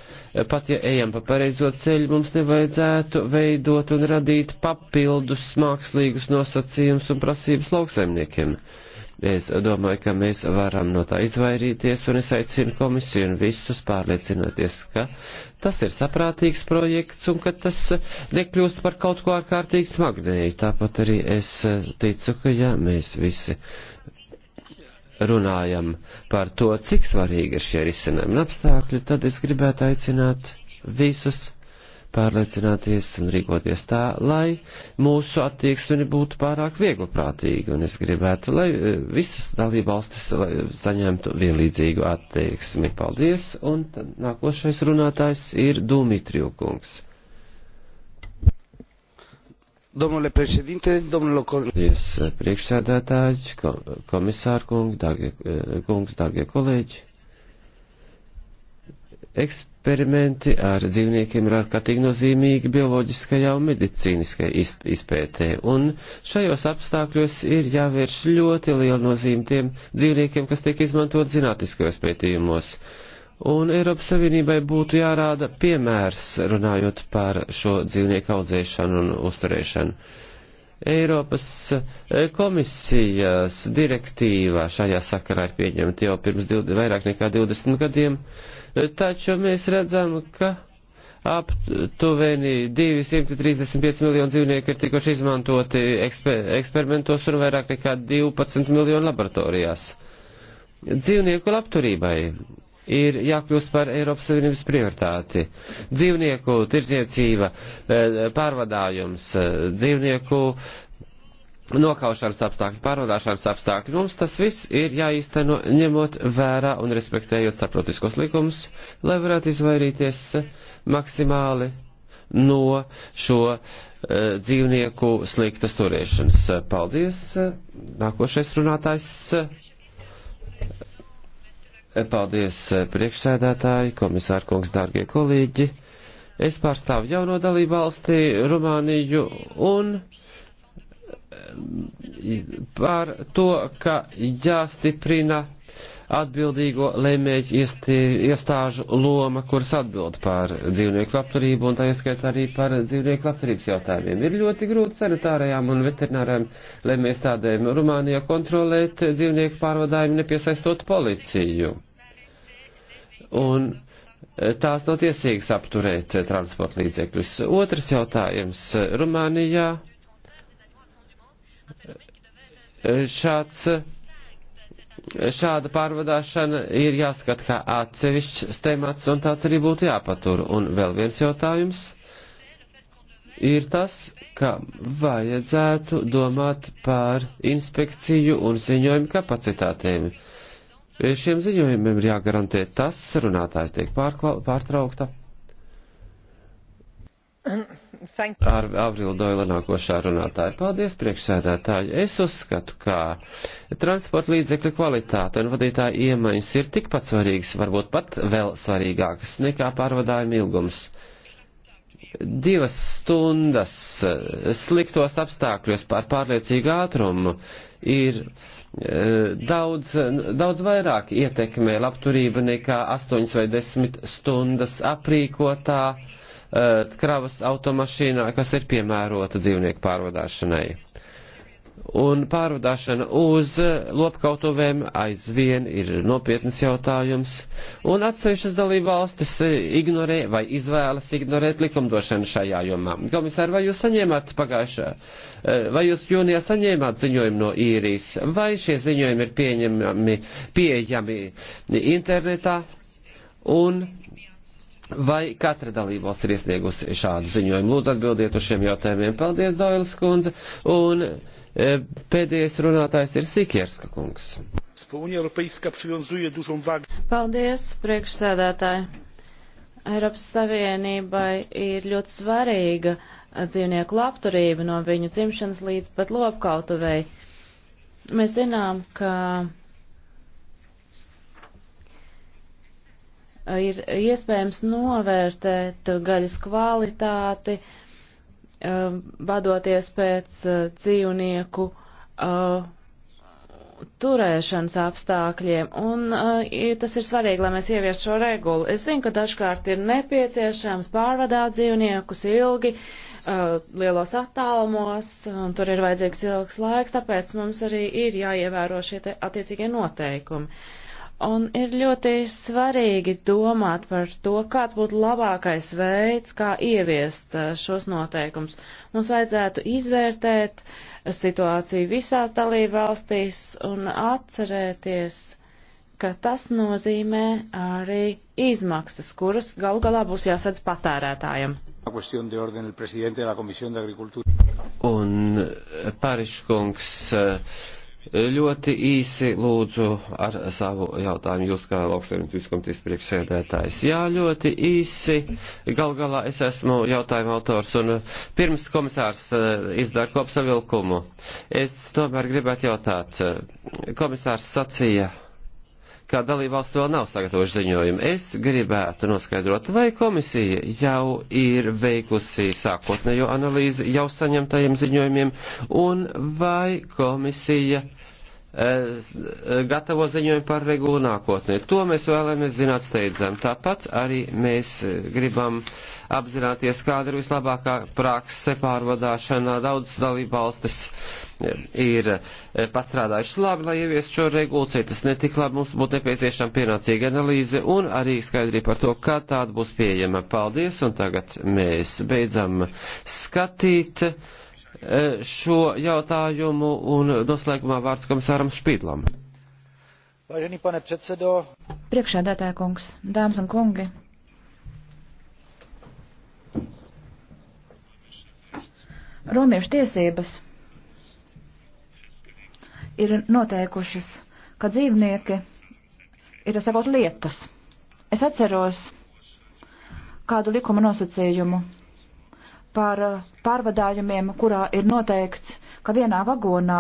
pat ja ejam pa pareizo ceļu, mums nevajadzētu veidot un radīt papildus mākslīgus nosacījumus un prasības lauksaimniekiem. Es domāju, ka mēs varam no tā izvairīties, un es aicinu komisiju un visus pārliecināties, ka tas ir saprātīgs projekts un ka tas nekļūst par kaut ko ārkārtīgi smagnēju. Tāpat arī es ticu, ka ja mēs visi runājam par to, cik svarīgi ir šie risinājumi un apstākļi, tad es gribētu aicināt visus pārliecināties un rīkoties tā, lai mūsu attieksme būtu pārāk vieglprātīga, un es gribētu, lai eh, visas dalībvalstis saņemtu vienlīdzīgu attieksmi. Paldies, un nākošais runātājs ir Dumitriju kungs. Domnule președinte, domnule Cornelius. Priekšsēdētāji, komisāra kungi, dargie, kungs, dargie eh, kolēģi. Eksperimenti ar dzīvniekiem ir ārkārtīgi nozīmīgi bioloģiskajā un medicīniskajā izpētē, un šajos apstākļos ir jāvērš ļoti liela nozīme tiem dzīvniekiem, kas tiek izmantot zinātniskajos pētījumos. Uh, Un Eiropas Savienībai būtu jārāda piemērs runājot par šo dzīvnieku audzēšanu un uzturēšanu. Eiropas eh, komisijas direktīvā šajā sakarā ir pieņemta jau pirms 20, vairāk nekā 20 gadiem, taču mēs redzam, ka aptuveni 235 miljoni dzīvnieku ir tikuši izmantoti eksper eksperimentos un vairāk nekā 12 miljoni laboratorijās. Dzīvnieku labturībai ir jākļūst par Eiropas Savienības prioritāti. Dzīvnieku tirdzniecība, eh, pārvadājums, eh, dzīvnieku nokaušanas apstākļi, pārvadāšanas apstākļi. Mums tas viss ir jāīsteno ņemot vērā un respektējot starptautiskos likumus, lai varētu izvairīties eh, maksimāli no šo uh, dzīvnieku sliktas turēšanas. Paldies! Nākošais runātājs. Uh, Paldies, eh, priekšsēdētāji, komisārkungs, dārgie kolēģi. Es pārstāvu jauno dalību valstī, Rumāniju, un eh, par to, ka jāstiprina atbildīgo lēmēju iestāžu loma, kuras atbild par dzīvnieku labturību un tā ieskaitā arī par dzīvnieku labturības jautājumiem. Ir ļoti grūti sanitārajām un veterinārajām lēmēju iestādēm Rumānijā kontrolēt dzīvnieku pārvadājumu nepiesaistot policiju un e, tās nav tiesīgas apturēt e, transporta līdzekļus. Otrs jautājums. Rumānijā e, šāds, šāda pārvadāšana ir jāskat kā atsevišķs temats, un tāds arī būtu jāpatur. Un vēl viens jautājums ir tas, ka vajadzētu domāt par inspekciju un ziņojumu kapacitātēm. Uh, Šiem ziņojumiem ir jāgarantē tas, runātājs tiek pārtraukta. Ar Avrilu Doila nākošā runātāja. Paldies, priekšsēdētāji. Es uzskatu, ka transporta līdzekļu kvalitāte un vadītāja iemaņas ir tikpat svarīgas, varbūt pat vēl svarīgākas nekā pārvadājuma ilgums divas stundas sliktos apstākļos pār pārliecīgu ātrumu ir Eh, daudz, daudz vairāk ietekmē labturība nekā 8 vai 10 stundas aprīkotā eh, kravas automašīnā, kas ir piemērota dzīvnieku pārvadāšanai un pārvadāšana uz lopkautuvēm aizvien ir nopietnas jautājums, un atsevišķas dalība valstis ignorē vai izvēlas ignorēt likumdošanu šajā jomā. Komisāri, vai jūs saņēmāt pagājušā, eh, vai jūs jūnijā saņēmāt ziņojumu no īrijas, vai šie ziņojumi ir pieņemami, pieejami internetā, un Vai katra dalībvalsts ir iesniegusi šādu ziņojumu? Lūdzu, atbildiet uz šiem jautājumiem. Paldies, Doilas kundze. Un E, pēdējais runātājs ir Sikierska kungs. Paldies, priekšsēdētāji. Eiropas Savienībai ir ļoti svarīga dzīvnieku labturība no viņu dzimšanas līdz pat lopkautuvei. Mēs zinām, ka ir iespējams novērtēt gaļas kvalitāti, uh, Um, vadoties pēc uh, dzīvnieku uh, turēšanas apstākļiem, un uh, tas ir svarīgi, lai mēs ieviestu šo regulu. Es zinu, ka dažkārt ir nepieciešams pārvadāt dzīvniekus ilgi, uh, lielos attālumos, un tur ir vajadzīgs ilgs laiks, tāpēc mums arī ir jāievēro šie attiecīgie noteikumi. Un ir ļoti svarīgi domāt par to, kāds būtu labākais veids, kā ieviest eh, šos noteikumus. Mums vajadzētu izvērtēt situāciju visās dalībvalstīs un atcerēties, ka tas nozīmē arī izmaksas, kuras galu galā būs jāsadz patērētājiem. Un eh, Pāriškungs. Uh, eh, Ļoti īsi lūdzu ar savu jautājumu jūs kā lauksaimniecības komitejas priekšsēdētājs. Jā, ļoti īsi. Gal galā es esmu jautājuma autors un pirms komisārs eh, izdara kopsavilkumu. Es tomēr gribētu jautāt. Eh, komisārs sacīja ka dalībvalsts vēl nav sagatavojuši ziņojumu. Es gribētu noskaidrot, vai komisija jau ir veikusi sākotnējo analīzi jau saņemtajiem ziņojumiem, un vai komisija uh, E, gatavo ziņojumu par regulu nākotnē. To mēs vēlamies zināt steidzam. Tāpat arī mēs e, gribam apzināties, kāda ir vislabākā prakse pārvadāšanā. Daudzas dalībvalstis e, ir pastrādājušas labi, lai ieviestu šo regulu, citas netik labi. Mums būtu nepieciešama pienācīga analīze un arī skaidrība par to, kā tāda būs pieejama. Paldies, un tagad mēs beidzam skatīt. Eh, šo jautājumu un noslēgumā vārds komisāram Špīdlam. Vážený pane predsedo. Priekšādātāja kungs, dāmas un kungi. Romiešu tiesības ir noteikušas, ka dzīvnieki ir savot lietas. Es atceros kādu likuma nosacījumu par eh, pārvadājumiem, kurā ir noteikts, ka vienā vagonā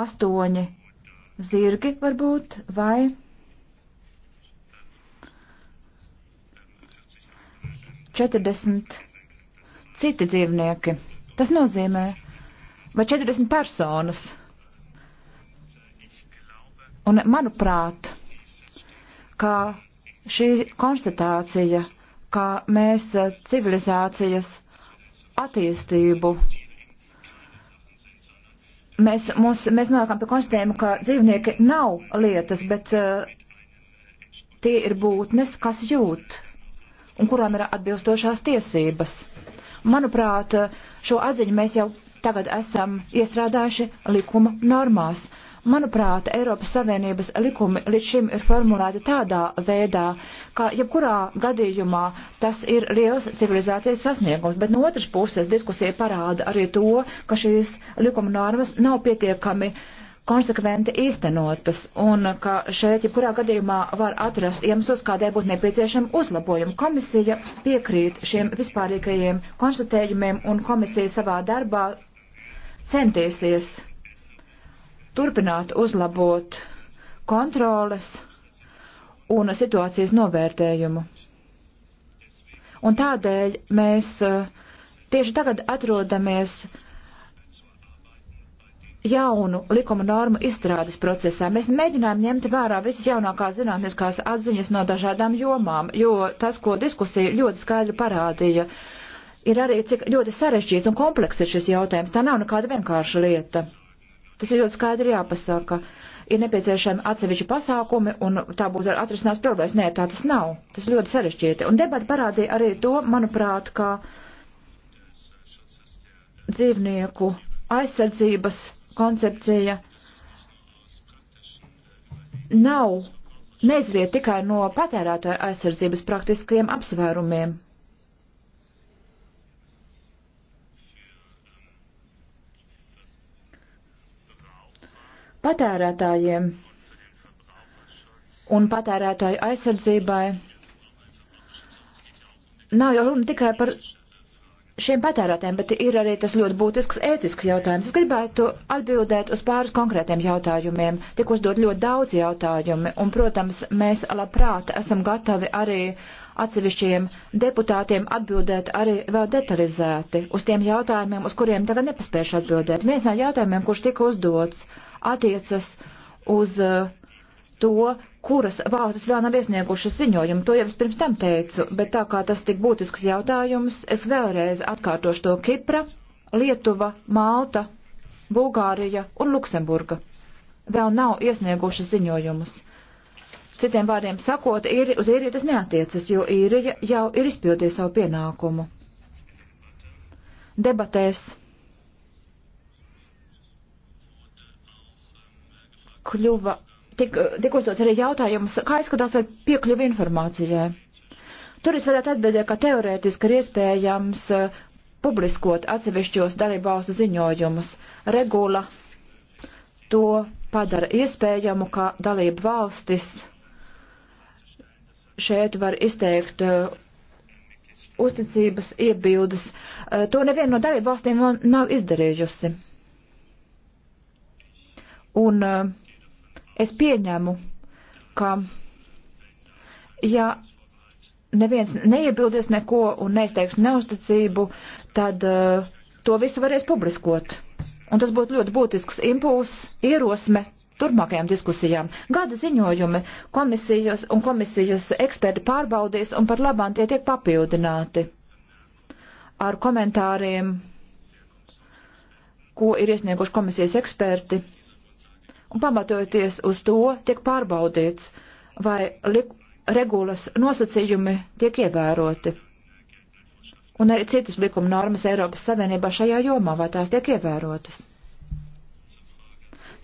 astoņi zirgi varbūt vai četrdesmit citi dzīvnieki. Tas nozīmē, vai 40 personas. Un manuprāt, kā šī konstatācija ka mēs eh, civilizācijas attīstību mēs, mums, mēs nonākam pie konstatējuma, ka dzīvnieki nav lietas, bet uh, tie ir būtnes, kas jūt un kurām ir atbilstošās tiesības. Manuprāt, eh, šo atziņu mēs jau tagad esam iestrādājuši likuma normās. Manuprāt, Eiropas Savienības likumi līdz šim ir formulēti tādā veidā, ka jebkurā gadījumā tas ir liels civilizācijas sasniegums, bet no otras puses diskusija parāda arī to, ka šīs likuma normas nav pietiekami konsekventi īstenotas un ka šeit jebkurā gadījumā var atrast iemeslus, kādēļ būtu nepieciešama uzlabojuma. Komisija piekrīt šiem vispārīgajiem konstatējumiem un komisija savā darbā centīsies turpināt uzlabot kontroles un situācijas novērtējumu. Un tādēļ mēs eh, tieši tagad atrodamies jaunu likuma normu izstrādes procesā. Mēs mēģinājām ņemt vērā visas jaunākās zinātniskās atziņas no dažādām jomām, jo tas, ko diskusija ļoti skaidri parādīja, uh, ir arī, cik ļoti sarežģīts un komplekss ir šis jautājums. Tā nav nekāda vienkārša lieta. Tas ir ļoti skaidri jāpasaka. Ir nepieciešami atsevišķi pasākumi, un tā būs atrisinās problēmas. Nē, tā tas nav. Tas ļoti sarežģīti. Un debata parādīja arī to, manuprāt, ka dzīvnieku aizsardzības koncepcija nav neizriet tikai no patērētāja aizsardzības praktiskajiem apsvērumiem. Patērētājiem un patērētāju aizsardzībai nav jau runa tikai par šiem patērētājiem, bet ir arī tas ļoti būtisks ētisks jautājums. Es gribētu atbildēt uz pāris konkrētiem jautājumiem. Tik uzdot ļoti daudz jautājumi, un, protams, mēs labprāt esam gatavi arī atsevišķiem deputātiem atbildēt arī vēl detalizēti uz tiem jautājumiem, uz kuriem tagad nepaspējuši atbildēt. Viens no jautājumiem, kurš tika uzdots attiecas uz eh, to, kuras valstis vēl nav iesniegušas ziņojumu. To jau es pirms tam teicu, bet tā kā tas tik būtisks jautājums, es vēlreiz atkārtošu to Kipra, Lietuva, Malta, Bulgārija un Luksemburga. Vēl nav iesniegušas ziņojumus. Citiem vārdiem sakot, īri, uz īriju tas neatiecas, jo īrija jau ir izpildījusi savu pienākumu. Debatēs kļuva, tik, tik uzdots arī jautājums, kā izskatās ar piekļuvi informācijai. Tur es varētu atbildēt, ka teorētiski ir iespējams eh, publiskot atsevišķos dalībvalstu ziņojumus. Regula to padara iespējamu, ka dalību valstis šeit var izteikt uh, uzticības iebildes. Uh, to neviena no dalību valstīm nav izdarījusi. Un uh, Es pieņemu, ka ja neviens neiebildies neko un neizteiks neusticību, tad uh, to visu varēs publiskot. Un tas būtu ļoti būtisks impulss, ierosme turpmākajām diskusijām. Gada ziņojumi komisijas un komisijas eksperti pārbaudīs un par labām tie tiek papildināti ar komentāriem, ko ir iesnieguši komisijas eksperti un pamatojoties uz to tiek pārbaudīts, vai regulas nosacījumi tiek ievēroti. Un arī citas likuma normas Eiropas Savienībā šajā jomā, vai tās tiek ievērotas.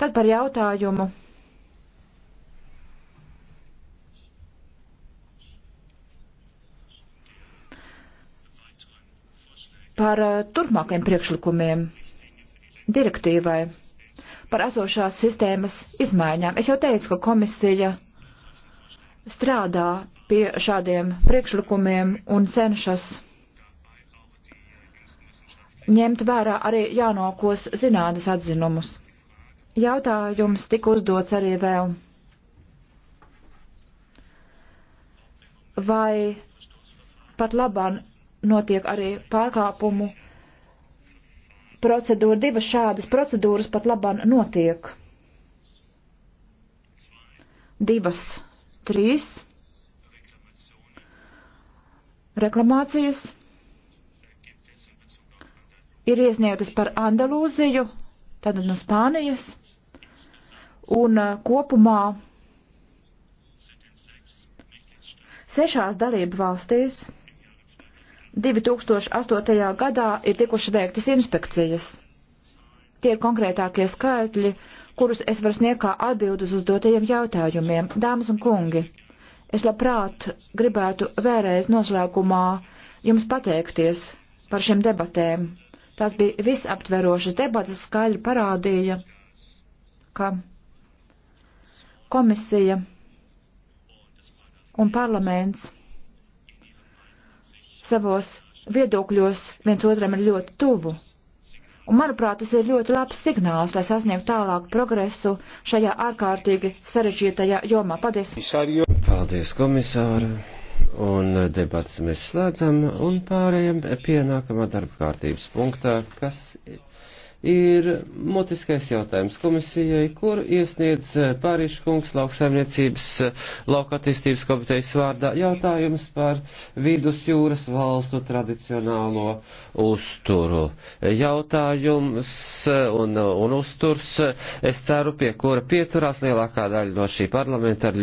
Tad par jautājumu. Par eh, turpmākajiem priekšlikumiem direktīvai par esošās sistēmas izmaiņām. Es jau teicu, ka komisija strādā pie šādiem priekšlikumiem un cenšas ņemt vērā arī jaunākos zinātnes atzinumus. Jautājums tika uzdots arī vēl. Vai pat labāk notiek arī pārkāpumu procedūra, divas šādas procedūras pat labāk notiek. Divas, trīs reklamācijas ir iesniegtas par Andalūziju, tātad no Spānijas, un uh, kopumā sešās dalību valstīs. 2008. gadā ir tikuši veiktas inspekcijas. Tie ir konkrētākie skaitļi, kurus es varu sniegt kā atbildus uz dotajiem jautājumiem. Dāmas un kungi, es labprāt gribētu vēlreiz noslēgumā jums pateikties par šiem debatēm. Tās bija visaptverošas debatas, skaļi parādīja, ka komisija un parlaments savos viedokļos viens otram ir ļoti tuvu. Un, manuprāt, tas ir ļoti labs signāls, lai sasniegtu tālāku progresu šajā ārkārtīgi sarežģītajā jomā. Paldies! Paldies, komisāra! Un debatas mēs slēdzam un pārējiem pie nākamā darba kārtības punktā, kas ir mutiskais jautājums komisijai, kur iesniedz eh, Pārīšu kungs lauksaimniecības eh, lauka attīstības komitejas vārdā jautājums par vidusjūras valstu tradicionālo uzturu. Jautājums eh, un, un uzturs, es ceru, pie kura pieturās lielākā daļa no šī parlamenta ar ļoti.